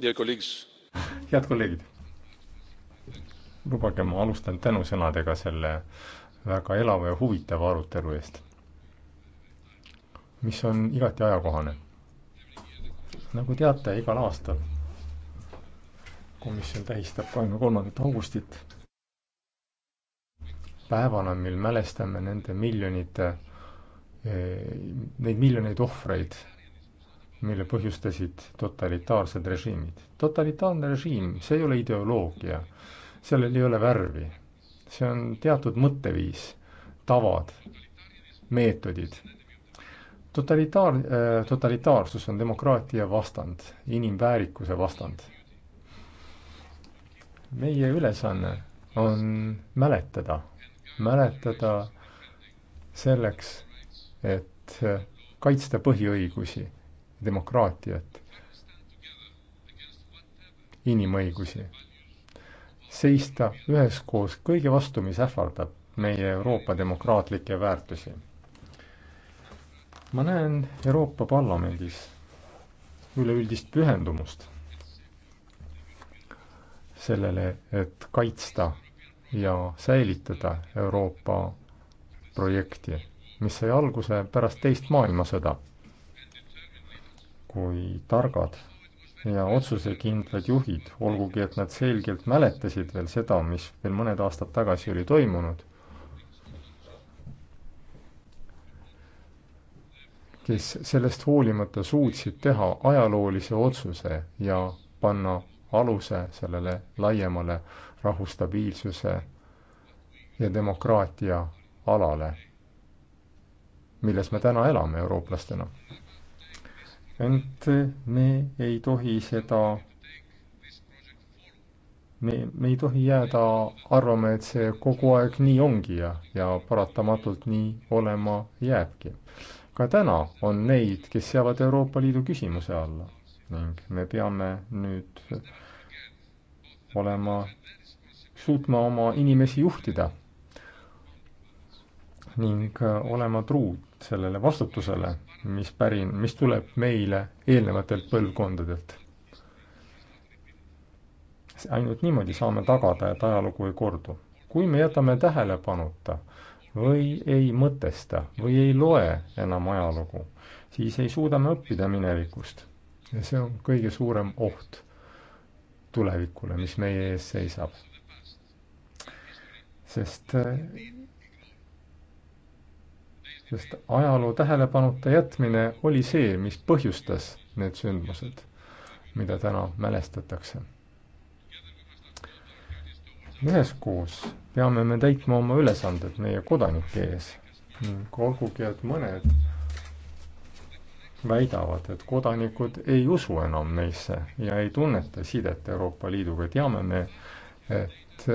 Speaker 3: dear colleagues. head kolleegid. lubage, ma alustan tänusõnadega selle väga elava ja huvitava arutelu eest, mis on igati ajakohane. nagu teate, igal aastal komisjon tähistab kahekümne kolmandat augustit, päevana, mil mälestame nende miljonite, eh, neid miljoneid ohvreid, mille põhjustasid totalitaarsed režiimid. totalitaarne režiim, see ei ole ideoloogia, sellel ei ole värvi, see on teatud mõtteviis, tavad, meetodid. totalitaar, eh, totalitaarsus on demokraatia vastand, inimväärikuse vastand meie ülesanne on mäletada, mäletada selleks, et kaitsta põhiõigusi, demokraatiat, inimõigusi, seista üheskoos kõige vastu, mis ähvardab meie Euroopa demokraatlikke väärtusi. ma näen Euroopa Parlamendis üleüldist pühendumust sellele, et kaitsta ja säilitada Euroopa projekti, mis sai alguse pärast teist maailmasõda, kui targad ja otsusekindlad juhid, olgugi et nad selgelt mäletasid veel seda, mis veel mõned aastad tagasi oli toimunud, kes sellest hoolimata suutsid teha ajaloolise otsuse ja panna aluse sellele laiemale rahu, stabiilsuse ja demokraatia alale, milles me täna elame eurooplastena. ent me ei tohi seda, me, me ei tohi jääda arvama, et see kogu aeg nii ongi ja, ja paratamatult nii olema jääbki. ka täna on neid, kes seavad Euroopa Liidu küsimuse alla ning me peame nüüd olema, suutma oma inimesi juhtida ning olema truud sellele vastutusele, mis pärin, mis tuleb meile eelnevatelt põlvkondadelt. ainult niimoodi saame tagada, et ajalugu ei kordu. kui me jätame tähelepanuta või ei mõtesta või ei loe enam ajalugu, siis ei suuda me õppida minevikust ja see on kõige suurem oht tulevikule, mis meie ees seisab. sest, sest ajaloo tähelepanuta jätmine oli see, mis põhjustas need sündmused, mida täna mälestatakse üheskoos peame me täitma oma ülesanded meie kodanike ees ning olgugi, et mõned väidavad, et kodanikud ei usu enam neisse ja ei tunneta sidet Euroopa Liiduga, teame me, et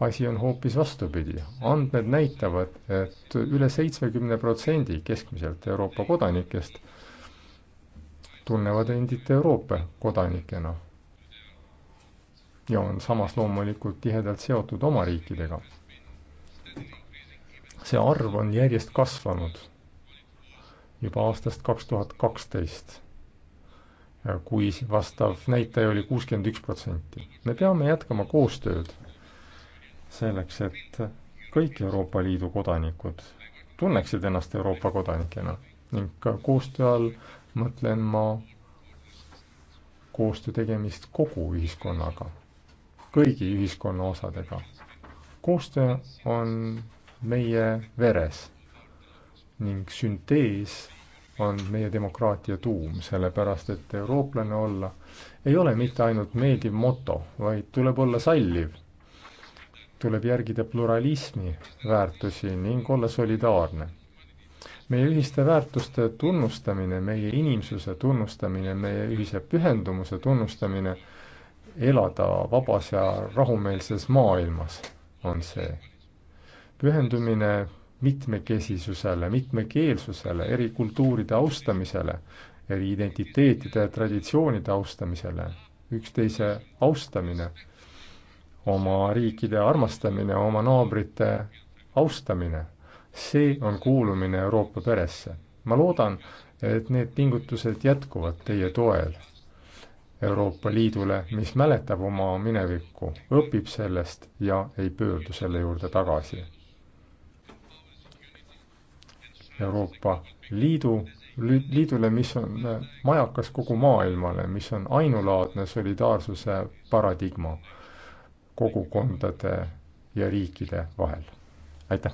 Speaker 3: asi on hoopis vastupidi. andmed näitavad, et üle seitsmekümne protsendi keskmiselt Euroopa kodanikest tunnevad endid Euroopa kodanikena ja on samas loomulikult tihedalt seotud oma riikidega. see arv on järjest kasvanud juba aastast kaks tuhat kaksteist, kui vastav näitaja oli kuuskümmend üks protsenti. me peame jätkama koostööd selleks, et kõik Euroopa Liidu kodanikud tunneksid ennast Euroopa kodanikena ning koostöö all mõtlen ma koostöö tegemist kogu ühiskonnaga, kõigi ühiskonna osadega. koostöö on meie veres ning süntees on meie demokraatia tuum, sellepärast et eurooplane olla ei ole mitte ainult meeldiv moto, vaid tuleb olla salliv. tuleb järgida pluralismi väärtusi ning olla solidaarne. meie ühiste väärtuste tunnustamine, meie inimsuse tunnustamine, meie ühise pühendumuse tunnustamine, elada vabas ja rahumeelses maailmas on see. pühendumine mitmekesisusele, mitmekeelsusele, eri kultuuride austamisele, eri identiteetide ja traditsioonide austamisele, üksteise austamine, oma riikide armastamine, oma naabrite austamine. see on kuulumine Euroopa peresse. ma loodan, et need pingutused jätkuvad teie toel Euroopa Liidule, mis mäletab oma minevikku, õpib sellest ja ei pöördu selle juurde tagasi Euroopa Liidu, liidule, mis on äh, majakas kogu maailmale, mis on ainulaadne solidaarsuse paradigma kogukondade ja riikide vahel. aitäh!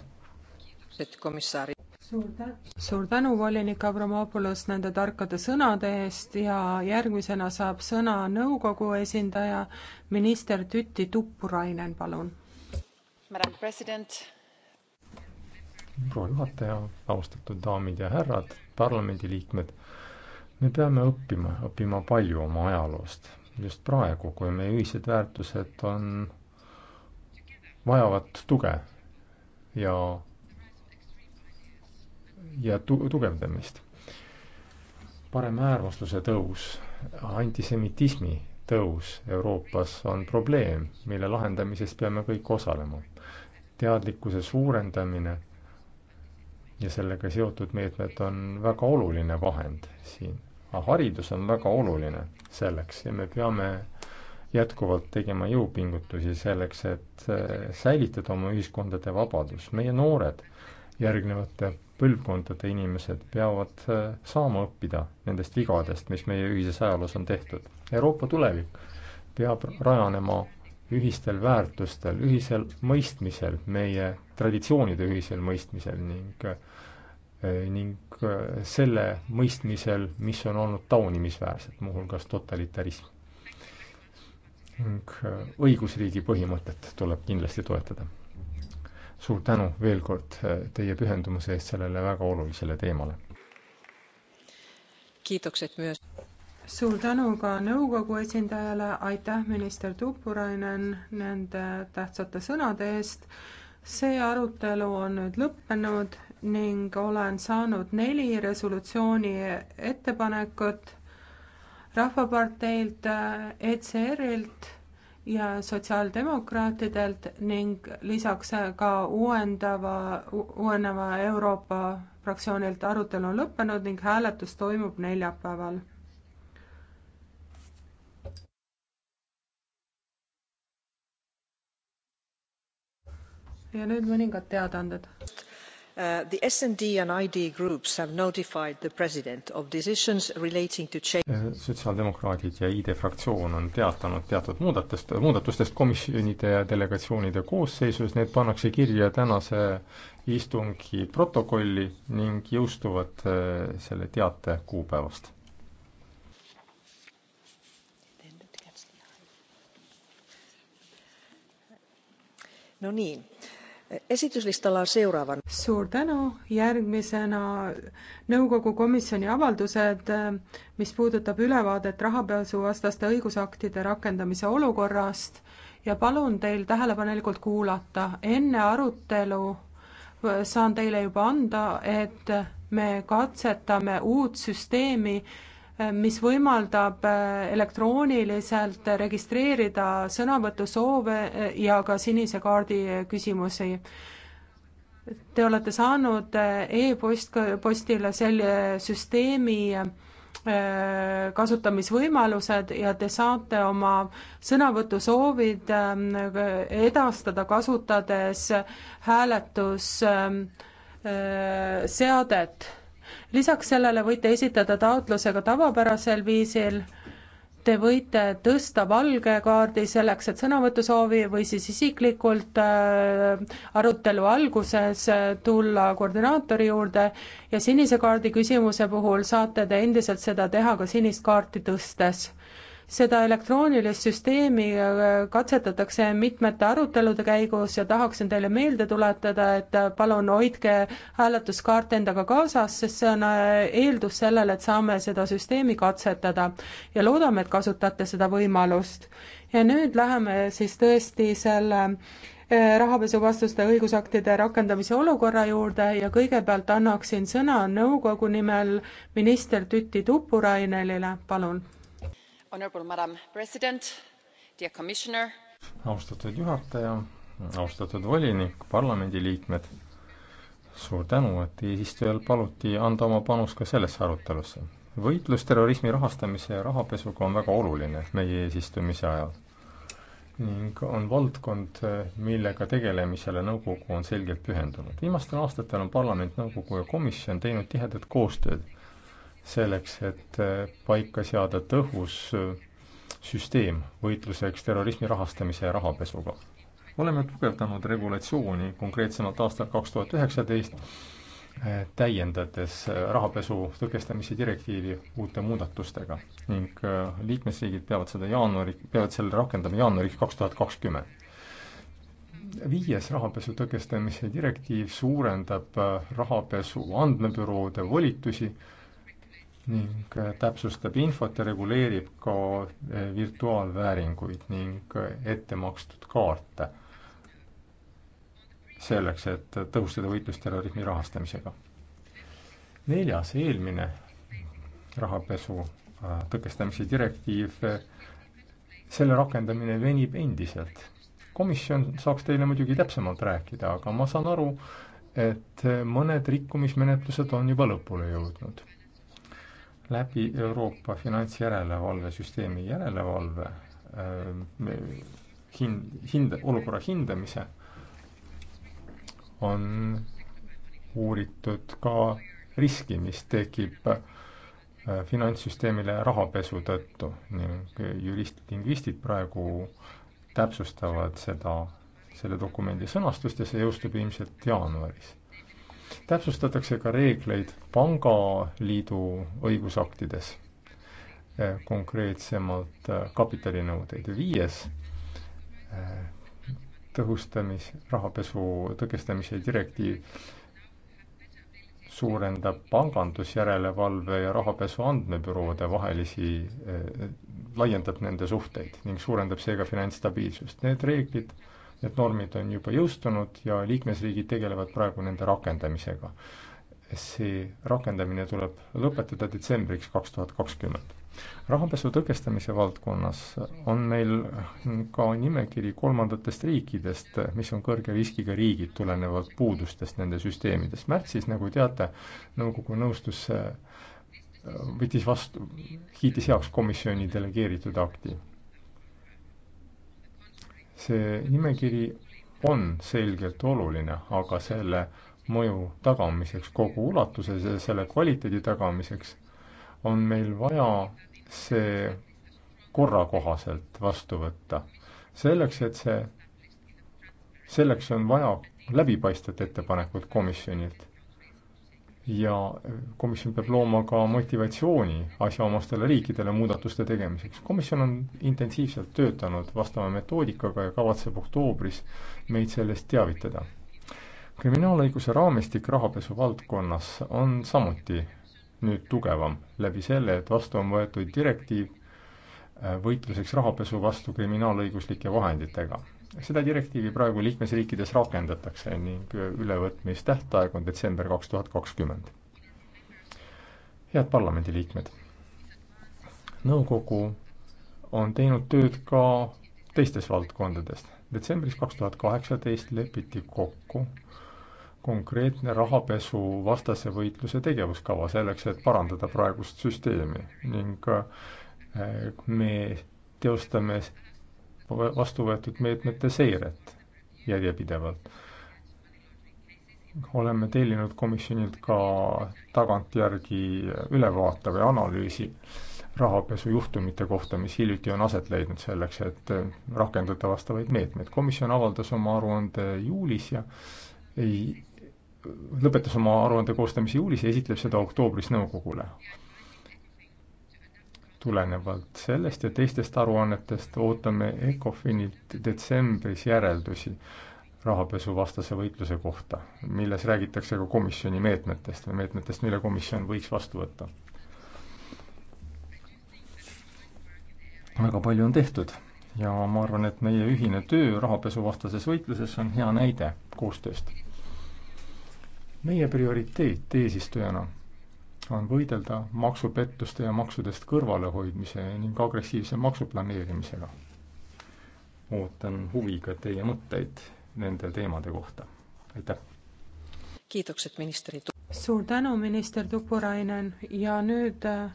Speaker 1: suur tänu, volinik Avramopoulos, nende tarkade sõnade eest ja järgmisena saab sõna nõukogu esindaja, minister Tüti Tuppurainen, palun. Madam President,
Speaker 3: proua juhataja, austatud daamid ja härrad, parlamendiliikmed. me peame õppima, õppima palju oma ajaloost. just praegu, kui meie ühised väärtused on, vajavad tuge ja, ja tu-, tugevdamist. paremäärmusluse tõus, antisemitismi tõus Euroopas on probleem, mille lahendamises peame kõik osalema. teadlikkuse suurendamine ja sellega seotud meetmed on väga oluline vahend siin. aga haridus on väga oluline selleks ja me peame jätkuvalt tegema jõupingutusi selleks, et eh, säilitada oma ühiskondade vabadus. meie noored, järgnevate põlvkondade inimesed peavad eh, saama õppida nendest vigadest, mis meie ühises ajaloos on tehtud. Euroopa tulevik peab rajanema ühistel väärtustel, ühisel mõistmisel, meie traditsioonide ühisel mõistmisel ning äh, Äh, ning äh, selle mõistmisel, mis on olnud taunimisväärset, muuhulgas totalitarism. ning äh, õigusriigi põhimõtet tuleb kindlasti toetada. suur tänu veel kord teie pühendumuse eest sellele väga olulisele teemale.
Speaker 1: kiitokset myös. suur tänu ka nõukogu esindajale, aitäh minister Tuppurainen nende tähtsate sõnade eest. see arutelu on nüüd lõppenud ning olen saanud neli resolutsiooni ettepanekut Rahvaparteilt, ECR-ilt ja sotsiaaldemokraatidelt ning lisaks ka uuendava, uueneva Euroopa fraktsioonilt arutelu on lõppenud ning hääletus toimub neljapäeval ja nüüd mõningad teadaanded. Uh, the sd and id
Speaker 2: groups have notified the president of decisions relating to
Speaker 3: uh, sotsiaaldemokraadid ja ID fraktsioon on teatanud teatud muudatust, muudatustest komisjonide ja delegatsioonide koosseisus, need pannakse kirja tänase istungi protokolli ning jõustuvad uh, selle teate kuupäevast.
Speaker 1: no nii esitlustalla on seuraavan. suur tänu, järgmisena nõukogu komisjoni avaldused, mis puudutab ülevaadet rahapesuvastaste õigusaktide rakendamise olukorrast ja palun teil tähelepanelikult kuulata. enne arutelu saan teile juba anda, et me katsetame uut süsteemi, mis võimaldab äh, elektrooniliselt registreerida sõnavõtusoove äh, ja ka sinise kaardi äh, küsimusi. Te olete saanud e-post, postile selle süsteemi kasutamisvõimalused ja te saate oma sõnavõtusoovid edastada, kasutades hääletusseadet lisaks sellele võite esitada taotluse ka tavapärasel viisil, te võite tõsta valge kaardi selleks, et sõnavõtusoovi või siis isiklikult äh, arutelu alguses äh, tulla koordinaatori juurde ja sinise kaardi küsimuse puhul saate te endiselt seda teha ka sinist kaarti tõstes seda elektroonilist süsteemi äh, katsetatakse mitmete arutelude käigus ja tahaksin teile meelde tuletada, et äh, palun hoidke hääletuskaart endaga kaasas, sest see on äh, eeldus sellele, et saame seda süsteemi katsetada ja loodame, et kasutate seda võimalust. ja nüüd läheme siis tõesti selle rahapesuvastuste õigusaktide rakendamise olukorra juurde ja kõigepealt annaksin sõna nõukogu nimel minister Tüti Tupurainelile, palun
Speaker 3: austatud juhataja, austatud volinik, parlamendiliikmed, suur tänu, et eesistujal paluti anda oma panus ka sellesse arutelusse. võitlus terrorismi rahastamise ja rahapesuga on väga oluline meie eesistumise ajal ning on valdkond, millega tegelemisele nõukogu on selgelt pühendunud. viimastel aastatel on parlament, nõukogu ja komisjon teinud tihedat koostööd selleks, et eh, paika seada tõhus eh, süsteem võitluseks terrorismi rahastamise ja rahapesuga. oleme tugevdanud regulatsiooni konkreetsemalt aastal kaks tuhat üheksateist, eh, täiendades rahapesu tõkestamise direktiivi uute muudatustega ning liikmesriigid peavad seda jaanuari, peavad selle rakendama jaanuariks kaks tuhat kakskümmend. viies rahapesu tõkestamise direktiiv suurendab rahapesu andmebüroode volitusi ning täpsustab infot ja reguleerib ka eh, virtuaalvääringuid ning eh, ettemakstud kaarte selleks, et tõhustada võitlust terrorismi rahastamisega. neljas, eelmine rahapesu eh, tõkestamise direktiiv, selle rakendamine venib endiselt. komisjon saaks teile muidugi täpsemalt rääkida, aga ma saan aru, et mõned rikkumismenetlused on juba lõpule jõudnud läbi Euroopa finantsjärelevalvesüsteemi järelevalve äh, hind, hinde, olukorra hindamise on uuritud ka riski, mis tekib äh, finantssüsteemile rahapesu tõttu ning juristid, lingvistid praegu täpsustavad seda, selle dokumendi sõnastust ja see jõustub ilmselt jaanuaris täpsustatakse ka reegleid pangaliidu õigusaktides, eh, konkreetsemalt eh, kapitalinõudeid. viies eh, tõhustamis, rahapesu tõkestamise direktiiv suurendab pangandusjärelevalve ja rahapesu andmebüroode vahelisi äh,, laiendab nende suhteid ning suurendab seega finantsstabiilsust. Need reeglid Need normid on juba jõustunud ja liikmesriigid tegelevad praegu nende rakendamisega. see rakendamine tuleb lõpetada detsembriks kaks tuhat kakskümmend. rahapesu tõkestamise valdkonnas on meil ka nimekiri kolmandatest riikidest, mis on kõrge riskiga riigid, tulenevalt puudustest nende süsteemides. märtsis, nagu teate, nõukogu nõustus võttis vastu, kiitis heaks komisjoni delegeeritud akti see nimekiri on selgelt oluline, aga selle mõju tagamiseks kogu ulatuses ja selle kvaliteedi tagamiseks on meil vaja see korrakohaselt vastu võtta. selleks, et see, selleks on vaja läbipaistvat ettepanekut komisjonilt ja komisjon peab looma ka motivatsiooni asjaomastele riikidele muudatuste tegemiseks. komisjon on intensiivselt töötanud vastava metoodikaga ja kavatseb oktoobris meid sellest teavitada. kriminaalõiguse raamistik rahapesu valdkonnas on samuti nüüd tugevam läbi selle, et vastu on võetud direktiiv äh, võitluseks rahapesu vastu kriminaalõiguslike vahenditega seda direktiivi praegu liikmesriikides rakendatakse ning ülevõtmistähtaeg on detsember kaks tuhat kakskümmend. head parlamendiliikmed, nõukogu on teinud tööd ka teistes valdkondades. detsembris kaks tuhat kaheksateist lepiti kokku konkreetne rahapesuvastase võitluse tegevuskava selleks, et parandada praegust süsteemi ning eh, me teostame vastu võetud meetmete seiret järjepidevalt. oleme tellinud komisjonilt ka tagantjärgi ülevaate või analüüsi rahapesujuhtumite kohta, mis hiljuti on aset leidnud selleks, et rakendada vastavaid meetmeid. komisjon avaldas oma aruande juulis ja ei, lõpetas oma aruande koostamise juulis ja esitleb seda oktoobris nõukogule tulenevalt sellest ja teistest aruannetest ootame ECOFINilt detsembris järeldusi rahapesuvastase võitluse kohta, milles räägitakse ka komisjoni meetmetest või meetmetest, mille komisjon võiks vastu võtta. väga palju on tehtud ja ma arvan, et meie ühine töö rahapesuvastases võitluses on hea näide koostööst. meie prioriteet eesistujana on võidelda maksupettuste ja maksudest kõrvalehoidmise ning agressiivse maksuplaneerimisega. ootan huviga teie mõtteid nende teemade kohta, aitäh!
Speaker 1: kiitokset ministri suur tänu, minister Tuppurainen ja nüüd äh,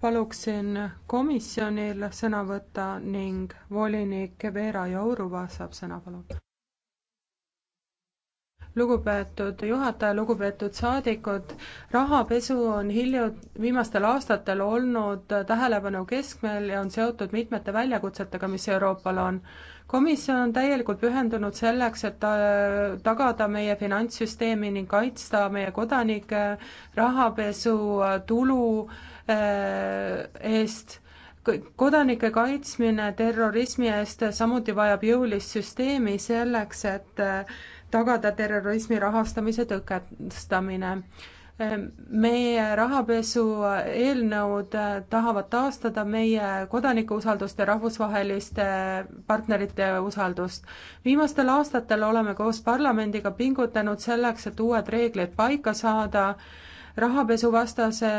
Speaker 1: paluksin komisjonil sõna võtta ning volinik Vera Jourova saab sõna, palun lugupeetud juhataja, lugupeetud saadikud, rahapesu on hilju-, viimastel aastatel olnud tähelepanu keskmel ja on seotud mitmete väljakutsetega, mis Euroopal on. komisjon on täielikult pühendunud selleks, et tagada meie finantssüsteemi ning kaitsta meie kodanike rahapesu tulu äh, eest kodanike kaitsmine terrorismi eest samuti vajab jõulist süsteemi selleks, et äh, tagada terrorismi rahastamise tõkestamine. meie rahapesu eelnõud tahavad taastada meie kodanike usaldust ja rahvusvaheliste partnerite usaldust. viimastel aastatel oleme koos parlamendiga pingutanud selleks, et uued reeglid paika saada rahapesuvastase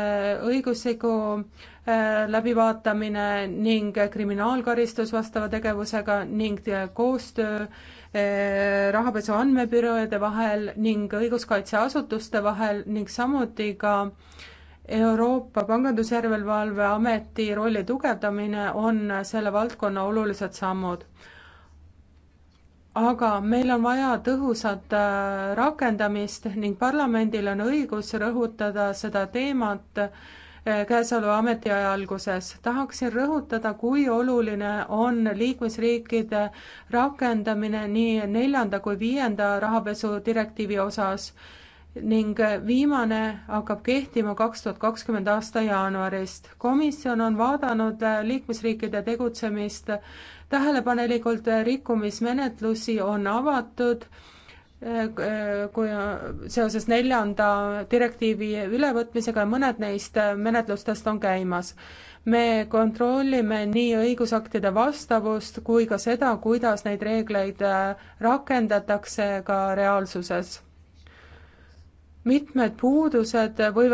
Speaker 1: õigusliku äh, läbivaatamine ning kriminaalkaristus vastava tegevusega ning äh, koostöö Äh, rahapesu andmebüroode vahel ning õiguskaitseasutuste vahel ning samuti ka Euroopa Pangandusjärelevalve Ameti rolli tugevdamine on selle valdkonna olulised sammud. aga meil on vaja tõhusat äh, rakendamist ning parlamendil on õigus rõhutada seda teemat käesoleva ametiaja alguses. tahaksin rõhutada, kui oluline on liikmesriikide rakendamine nii neljanda kui viienda rahapesudirektiivi osas ning viimane hakkab kehtima kaks tuhat kakskümmend aasta jaanuarist. komisjon on vaadanud liikmesriikide tegutsemist tähelepanelikult, rikkumismenetlusi on avatud kui seoses neljanda direktiivi ülevõtmisega ja mõned neist menetlustest on käimas. me kontrollime nii õigusaktide vastavust kui ka seda, kuidas neid reegleid rakendatakse ka reaalsuses. mitmed puudused võivad